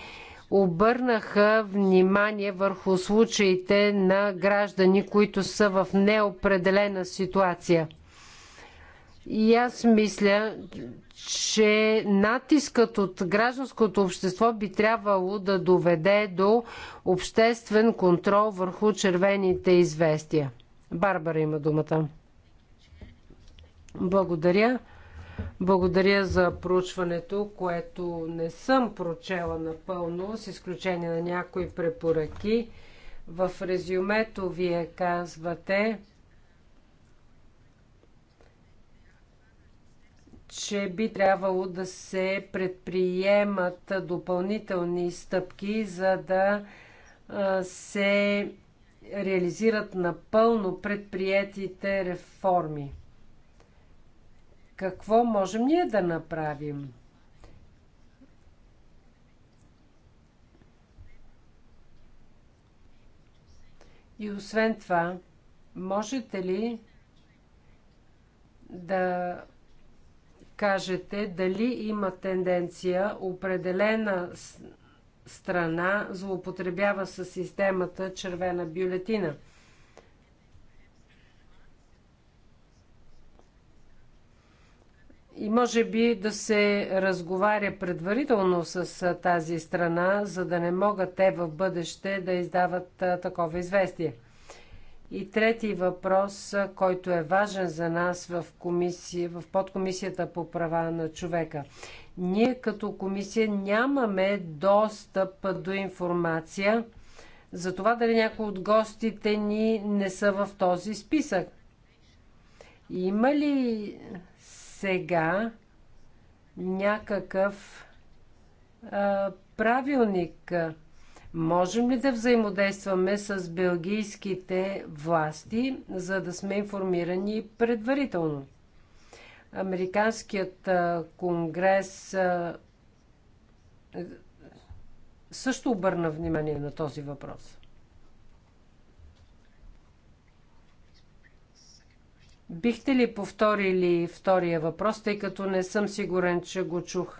обърнаха внимание върху случаите на граждани, които са в неопределена ситуация. И аз мисля, че натискът от гражданското общество би трябвало да доведе до обществен контрол върху червените известия. Барбара има думата. Благодаря. Благодаря за проучването, което не съм прочела напълно, с изключение на някои препоръки. В резюмето вие казвате, че би трябвало да се предприемат допълнителни стъпки, за да се реализират напълно предприятите реформи. Какво можем ние да направим? И освен това, можете ли да кажете дали има тенденция определена страна злоупотребява с системата червена бюлетина – и може би да се разговаря предварително с тази страна, за да не могат те в бъдеще да издават такова известие. И трети въпрос, който е важен за нас в, комисия, в подкомисията по права на човека. Ние като комисия нямаме достъп до информация за това дали някои от гостите ни не са в този списък. Има ли сега някакъв а, правилник. Можем ли да взаимодействаме с белгийските власти, за да сме информирани предварително? Американският а, конгрес а, също обърна внимание на този въпрос. Бихте ли повторили втория въпрос, тъй като не съм сигурен, че го чух?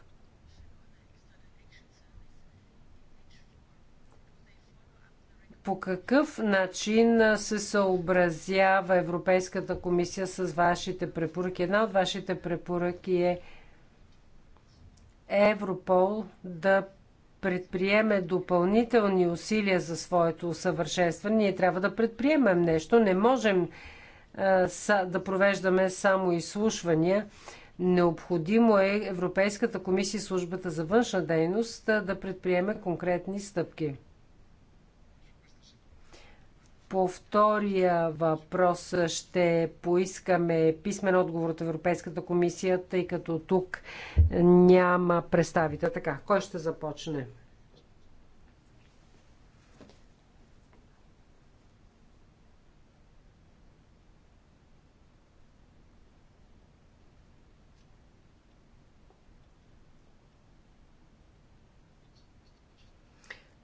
По какъв начин се съобразява Европейската комисия с вашите препоръки? Една от вашите препоръки е Европол да предприеме допълнителни усилия за своето усъвършенстване. Ние трябва да предприемем нещо. Не можем да провеждаме само изслушвания. Необходимо е Европейската комисия и службата за външна дейност да предприеме конкретни стъпки. По втория въпрос ще поискаме писмен отговор от Европейската комисия, тъй като тук няма представител. Така, кой ще започне?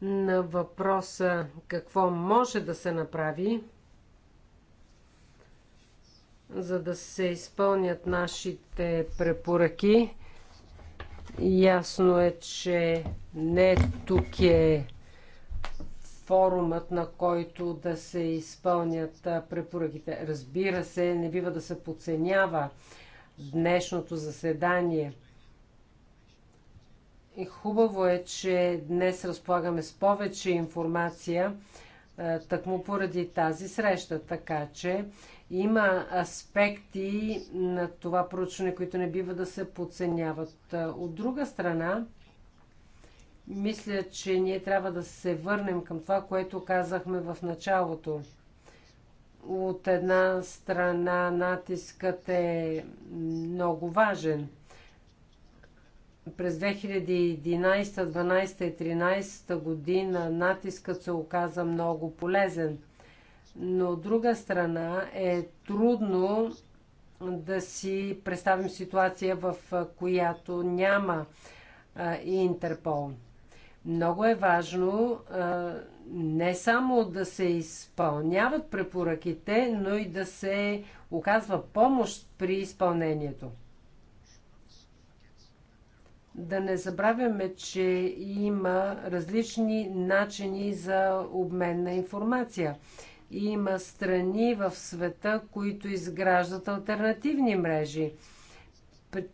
на въпроса какво може да се направи, за да се изпълнят нашите препоръки, ясно е, че не тук е форумът, на който да се изпълнят препоръките. Разбира се, не бива да се подценява днешното заседание – и хубаво е, че днес разполагаме с повече информация е, тъкмо поради тази среща. Така че има аспекти на това проучване, които не бива да се подценяват. Е, от друга страна, мисля, че ние трябва да се върнем към това, което казахме в началото. От една страна натискът е много важен – през 2011, 2012 и 2013 година натискът се оказа много полезен. Но от друга страна е трудно да си представим ситуация, в която няма и Интерпол. Много е важно не само да се изпълняват препоръките, но и да се оказва помощ при изпълнението. Да не забравяме, че има различни начини за обмен на информация. Има страни в света, които изграждат альтернативни мрежи.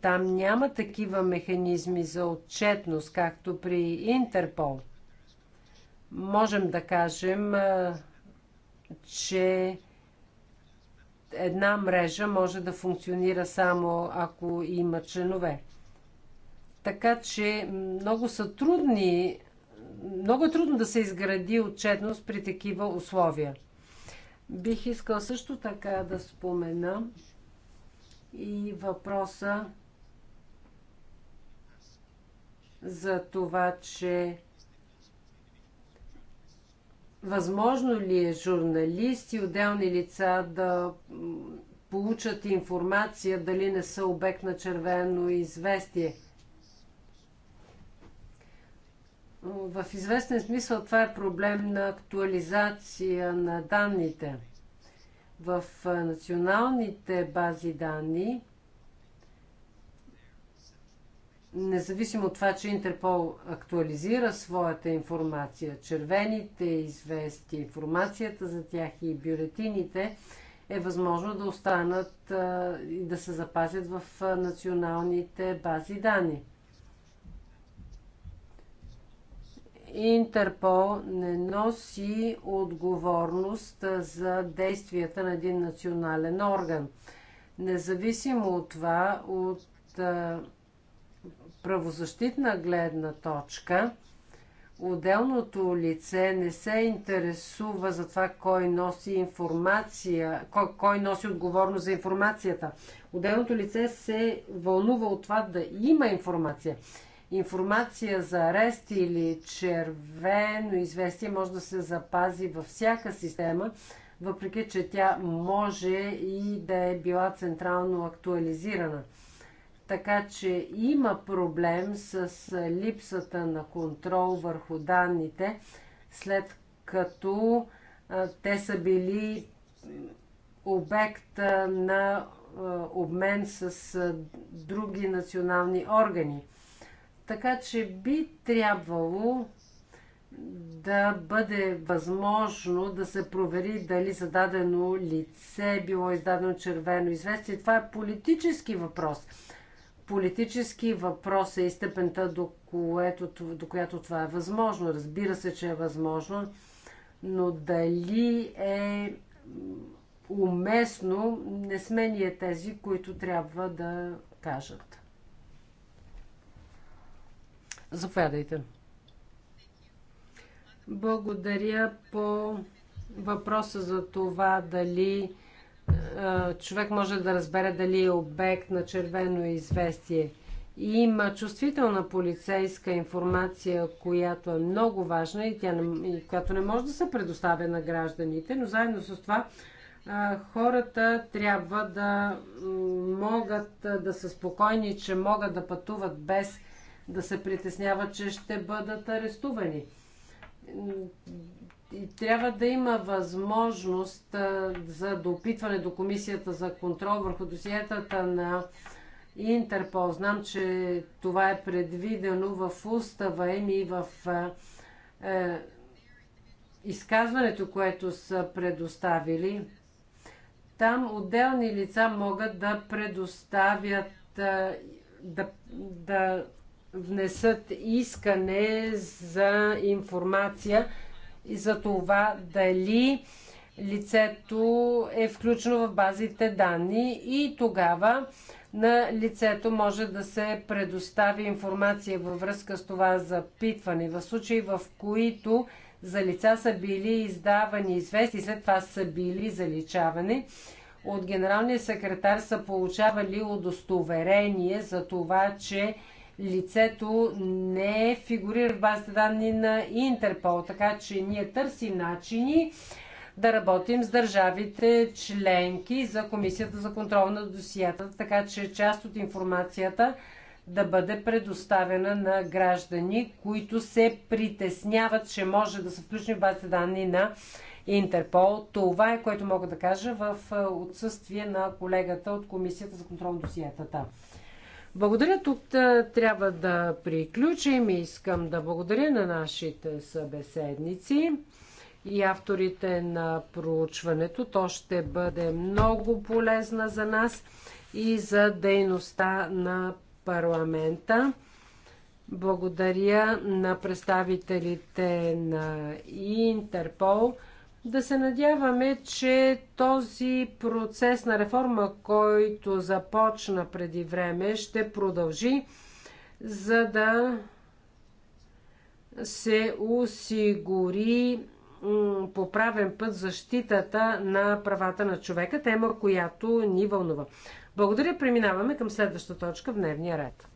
Там няма такива механизми за отчетност, както при Интерпол. Можем да кажем, че една мрежа може да функционира само ако има членове. Така че много са трудни, много е трудно да се изгради отчетност при такива условия. Бих искал също така да спомена и въпроса за това, че възможно ли е журналисти, отделни лица да получат информация дали не са обект на червено известие. в известен смисъл това е проблем на актуализация на данните. В националните бази данни, независимо от това, че Интерпол актуализира своята информация, червените извести, информацията за тях и бюлетините, е възможно да останат и да се запазят в националните бази данни. Интерпол не носи отговорност за действията на един национален орган. Независимо от това, от правозащитна гледна точка, отделното лице не се интересува за това кой носи информация, кой, кой носи отговорност за информацията. Отделното лице се вълнува от това да има информация информация за арест или червено известие може да се запази във всяка система, въпреки че тя може и да е била централно актуализирана. Така че има проблем с липсата на контрол върху данните, след като те са били обект на обмен с други национални органи. Така че би трябвало да бъде възможно да се провери дали за дадено лице било издадено червено известие. Това е политически въпрос. Политически въпрос е и степента, до, което, до която това е възможно. Разбира се, че е възможно, но дали е уместно, не сме ние тези, които трябва да кажат. Заповядайте. Благодаря по въпроса за това дали човек може да разбере дали е обект на червено известие. Има чувствителна полицейска информация, която е много важна и, тя не, и която не може да се предоставя на гражданите, но заедно с това хората трябва да могат да са спокойни, че могат да пътуват без да се притесняват, че ще бъдат арестувани. И трябва да има възможност за допитване до Комисията за контрол върху досиетата на Интерпол. Знам, че това е предвидено в устава им и в е, изказването, което са предоставили. Там отделни лица могат да предоставят, да, да внесат искане за информация и за това дали лицето е включено в базите данни и тогава на лицето може да се предостави информация във връзка с това запитване. В случаи, в които за лица са били издавани извести, след това са били заличавани, от генералния секретар са получавали удостоверение за това, че лицето не е фигурира в базата данни на Интерпол, така че ние търсим начини да работим с държавите членки за Комисията за контрол на досията, така че част от информацията да бъде предоставена на граждани, които се притесняват, че може да се включи в базата данни на Интерпол. Това е което мога да кажа в е, отсъствие на колегата от Комисията за контрол на досиетата. Благодаря. Тук трябва да приключим. Искам да благодаря на нашите събеседници и авторите на проучването. То ще бъде много полезна за нас и за дейността на парламента. Благодаря на представителите на Интерпол. Да се надяваме, че този процес на реформа, който започна преди време, ще продължи, за да се осигури по правен път защитата на правата на човека, тема, която ни вълнува. Благодаря, преминаваме към следващата точка в дневния ред.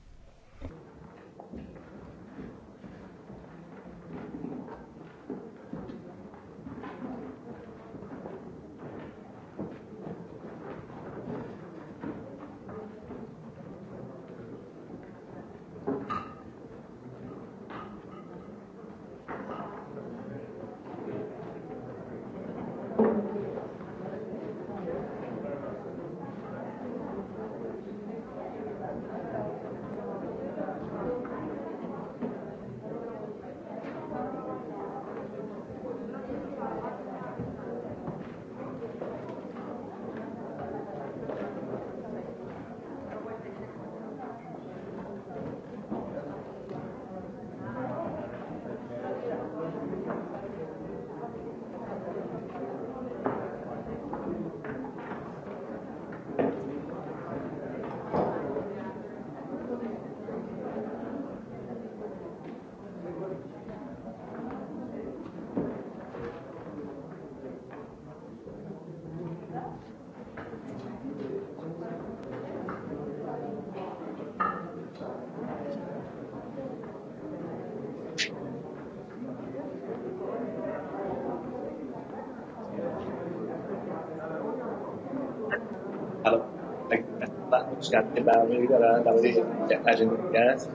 使って番組が番組じゃ始まります。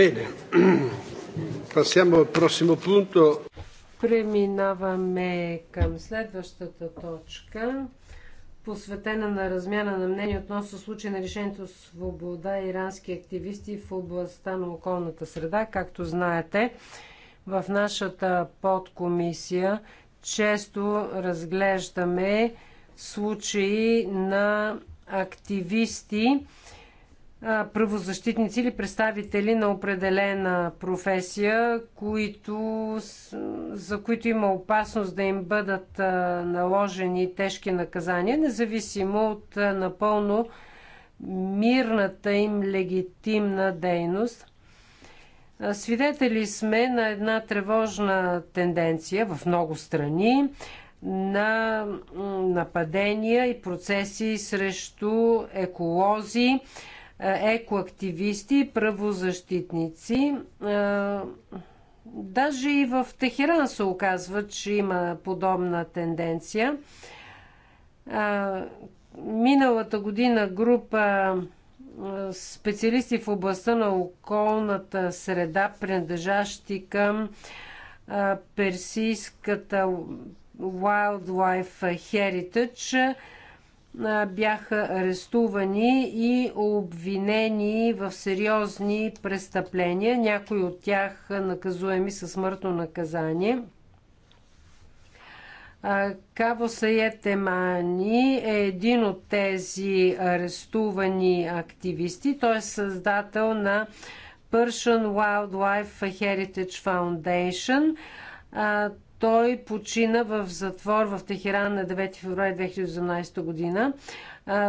Bene. Passiamo al prossimo punto. Преминаваме към следващата точка, посветена на размяна на мнение относно случай на решението свобода ирански активисти в областта на околната среда. Както знаете, в нашата подкомисия често разглеждаме случаи на активисти, правозащитници или представители на определена професия, които, за които има опасност да им бъдат наложени тежки наказания, независимо от напълно мирната им легитимна дейност. Свидетели сме на една тревожна тенденция в много страни на нападения и процеси срещу еколози, е, екоактивисти, правозащитници. Даже и в Техеран се оказва, че има подобна тенденция. Миналата година група специалисти в областта на околната среда, принадлежащи към персийската Wildlife Heritage, бяха арестувани и обвинени в сериозни престъпления, някои от тях наказуеми със смъртно наказание. Каво Саед е един от тези арестувани активисти. Той е създател на Persian Wildlife Heritage Foundation – той почина в затвор в Техеран на 9 февруари 2018 година.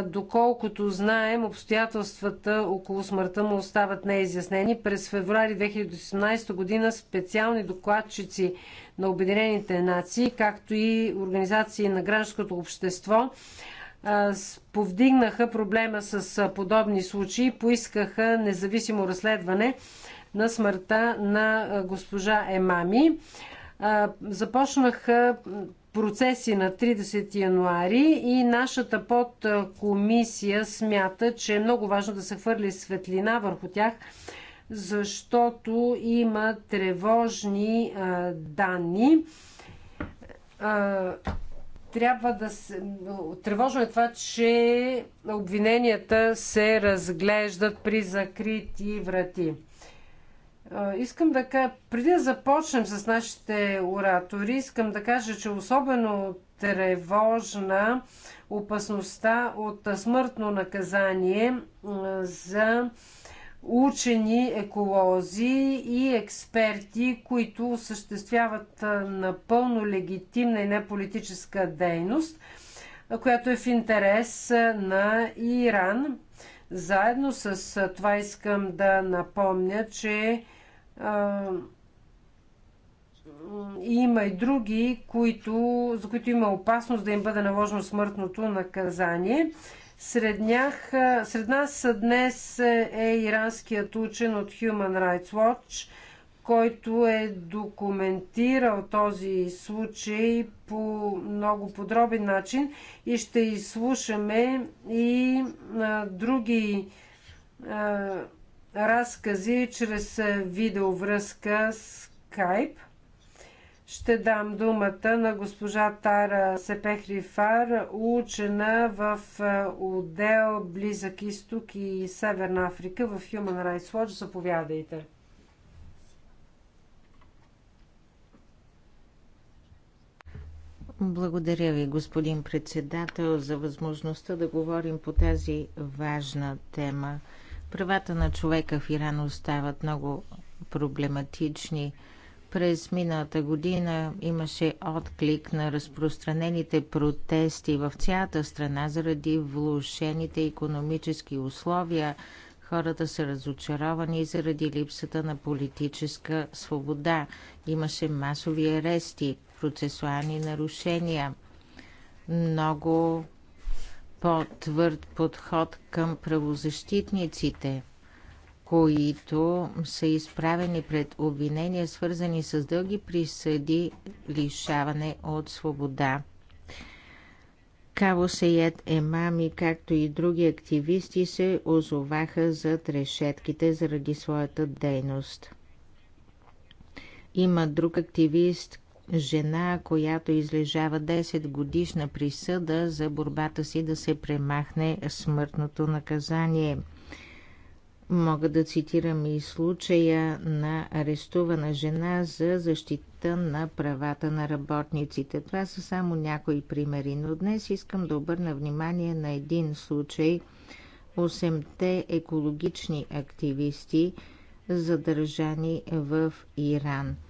Доколкото знаем, обстоятелствата около смъртта му остават неизяснени. През февруари 2018 година специални докладчици на Обединените нации, както и организации на гражданското общество, повдигнаха проблема с подобни случаи поискаха независимо разследване на смъртта на госпожа Емами започнаха процеси на 30 януари и нашата подкомисия смята, че е много важно да се хвърли светлина върху тях, защото има тревожни а, данни. А, трябва да се... Тревожно е това, че обвиненията се разглеждат при закрити врати. Искам да кажа, преди да започнем с нашите оратори, искам да кажа, че особено тревожна опасността от смъртно наказание за учени, еколози и експерти, които осъществяват напълно легитимна и неполитическа дейност, която е в интерес на Иран. Заедно с това искам да напомня, че има и други, които, за които има опасност да им бъде наложено смъртното наказание. Сред, нях, сред нас днес е иранският учен от Human Rights Watch, който е документирал този случай по много подробен начин и ще изслушаме и а, други а, разкази чрез видеовръзка Skype. Ще дам думата на госпожа Тара Сепехрифар, учена в отдел Близък изток и Северна Африка в Human Rights Watch. Заповядайте. Благодаря ви, господин председател, за възможността да говорим по тази важна тема – Правата на човека в Иран остават много проблематични. През миналата година имаше отклик на разпространените протести в цялата страна заради влушените економически условия. Хората са разочаровани заради липсата на политическа свобода. Имаше масови арести, процесуални нарушения. Много по-твърд подход към правозащитниците, които са изправени пред обвинения, свързани с дълги присъди, лишаване от свобода. Каво Сеят Емами, както и други активисти, се озоваха зад решетките заради своята дейност. Има друг активист, жена, която излежава 10 годишна присъда за борбата си да се премахне смъртното наказание. Мога да цитирам и случая на арестувана жена за защита на правата на работниците. Това са само някои примери, но днес искам да обърна внимание на един случай. Осемте екологични активисти, задържани в Иран –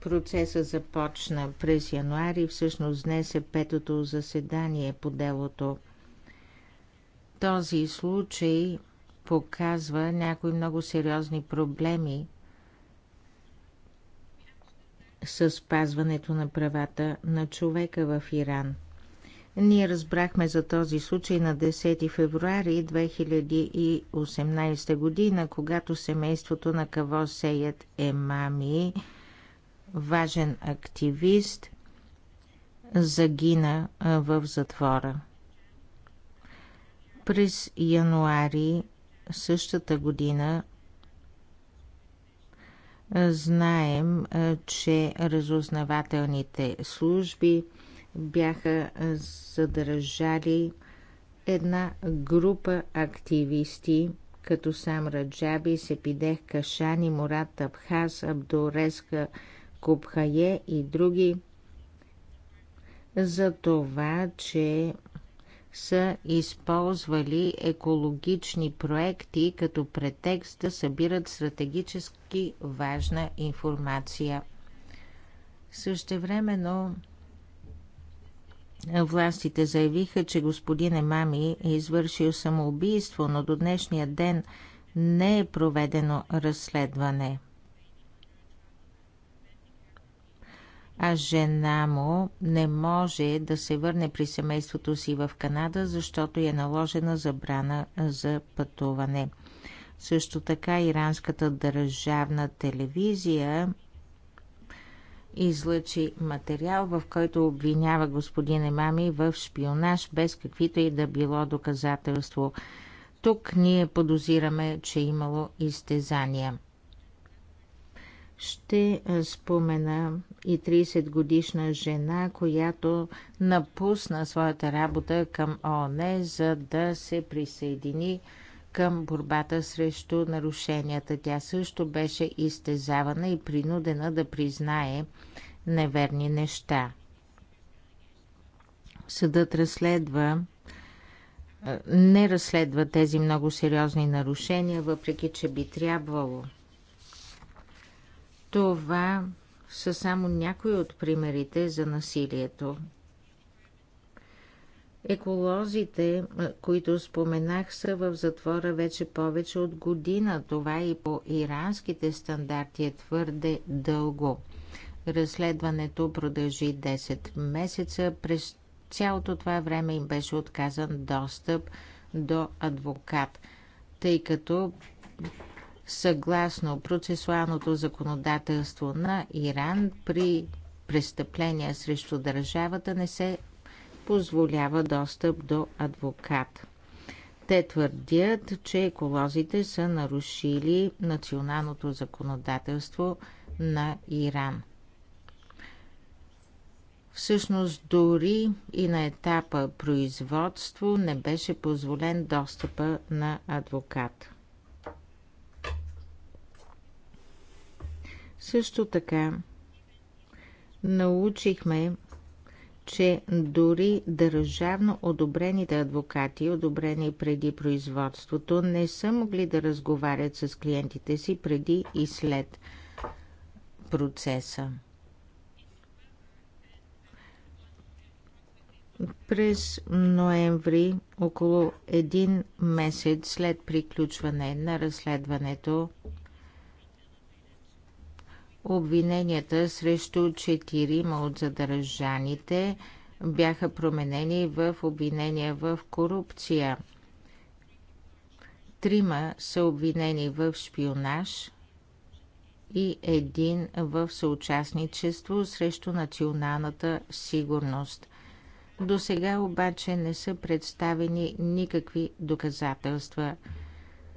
Процесът започна през януари, всъщност днес е петото заседание по делото. Този случай показва някои много сериозни проблеми с спазването на правата на човека в Иран. Ние разбрахме за този случай на 10 февруари 2018 година, когато семейството на Каво Сеят Емами мами важен активист, загина в затвора. През януари същата година знаем, че разузнавателните служби бяха задържали една група активисти, като сам Раджаби, Сепидех Кашани, Мурат Абхаз, Абдореска. Купхае и други за това, че са използвали екологични проекти като претекст да събират стратегически важна информация. Същевременно властите заявиха, че господин Емами е извършил самоубийство, но до днешния ден не е проведено разследване – а жена му не може да се върне при семейството си в Канада, защото е наложена забрана за пътуване. Също така иранската държавна телевизия излъчи материал, в който обвинява господин Емами в шпионаж без каквито и да било доказателство. Тук ние подозираме, че е имало изтезания. Ще спомена и 30 годишна жена, която напусна своята работа към ООН, за да се присъедини към борбата срещу нарушенията. Тя също беше изтезавана и принудена да признае неверни неща. Съдът разследва не разследва тези много сериозни нарушения, въпреки че би трябвало – това са само някои от примерите за насилието. Еколозите, които споменах, са в затвора вече повече от година. Това и по иранските стандарти е твърде дълго. Разследването продължи 10 месеца. През цялото това време им беше отказан достъп до адвокат, тъй като съгласно процесуалното законодателство на Иран при престъпления срещу държавата не се позволява достъп до адвокат. Те твърдят, че еколозите са нарушили националното законодателство на Иран. Всъщност дори и на етапа производство не беше позволен достъпа на адвокат. Също така научихме, че дори държавно одобрените адвокати, одобрени преди производството, не са могли да разговарят с клиентите си преди и след процеса. През ноември, около един месец след приключване на разследването, Обвиненията срещу четирима от задържаните бяха променени в обвинения в корупция. Трима са обвинени в шпионаж и един в съучастничество срещу националната сигурност. До сега обаче не са представени никакви доказателства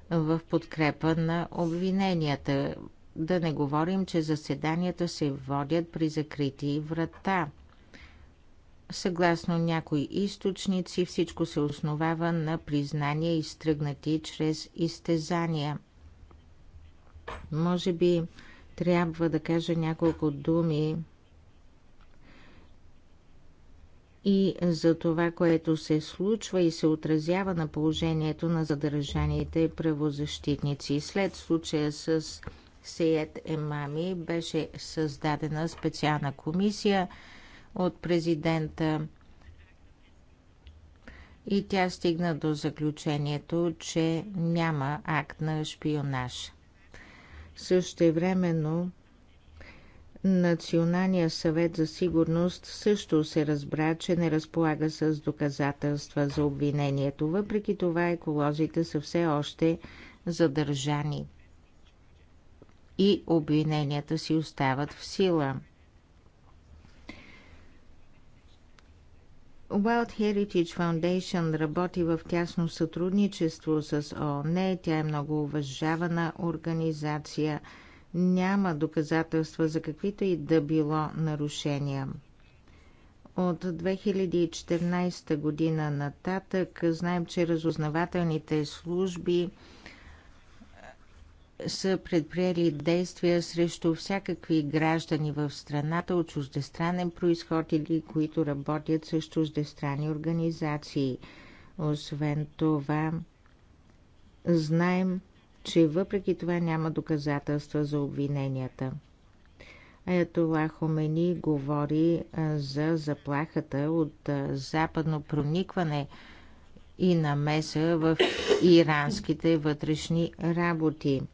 в подкрепа на обвиненията. Да не говорим, че заседанията се водят при закрити врата. Съгласно някои източници, всичко се основава на признания, изтръгнати чрез изтезания. Може би трябва да кажа няколко думи и за това, което се случва и се отразява на положението на задържаните правозащитници. След случая с Сеет Емами беше създадена специална комисия от президента и тя стигна до заключението, че няма акт на шпионаж. Същевременно Националният съвет за сигурност също се разбра, че не разполага с доказателства за обвинението. Въпреки това еколозите са все още задържани и обвиненията си остават в сила. World Heritage Foundation работи в тясно сътрудничество с ООН. Тя е много уважавана организация. Няма доказателства за каквито и да било нарушения. От 2014 година нататък знаем, че разузнавателните служби са предприели действия срещу всякакви граждани в страната от чуждестранен происход или които работят с чуждестранни организации. Освен това, знаем, че въпреки това няма доказателства за обвиненията. Ето Хомени говори за заплахата от западно проникване и намеса в иранските вътрешни работи –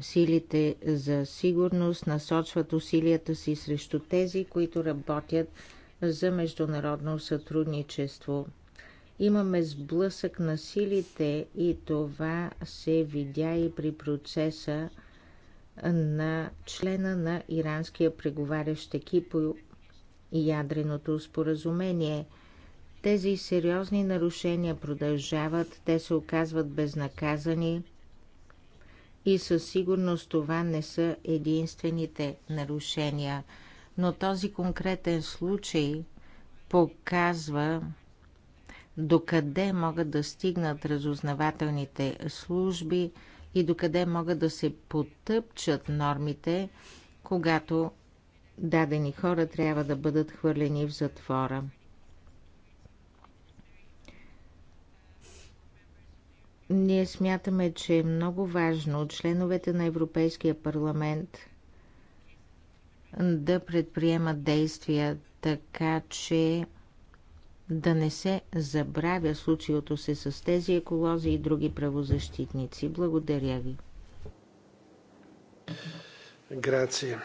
Силите за сигурност насочват усилията си срещу тези, които работят за международно сътрудничество. Имаме сблъсък на силите и това се видя и при процеса на члена на иранския преговарящ екип по ядреното споразумение. Тези сериозни нарушения продължават, те се оказват безнаказани – и със сигурност това не са единствените нарушения. Но този конкретен случай показва докъде могат да стигнат разузнавателните служби и докъде могат да се потъпчат нормите, когато дадени хора трябва да бъдат хвърлени в затвора. Ние смятаме, че е много важно членовете на Европейския парламент да предприемат действия така, че да не се забравя случилото се с тези еколози и други правозащитници. Благодаря ви. Грация.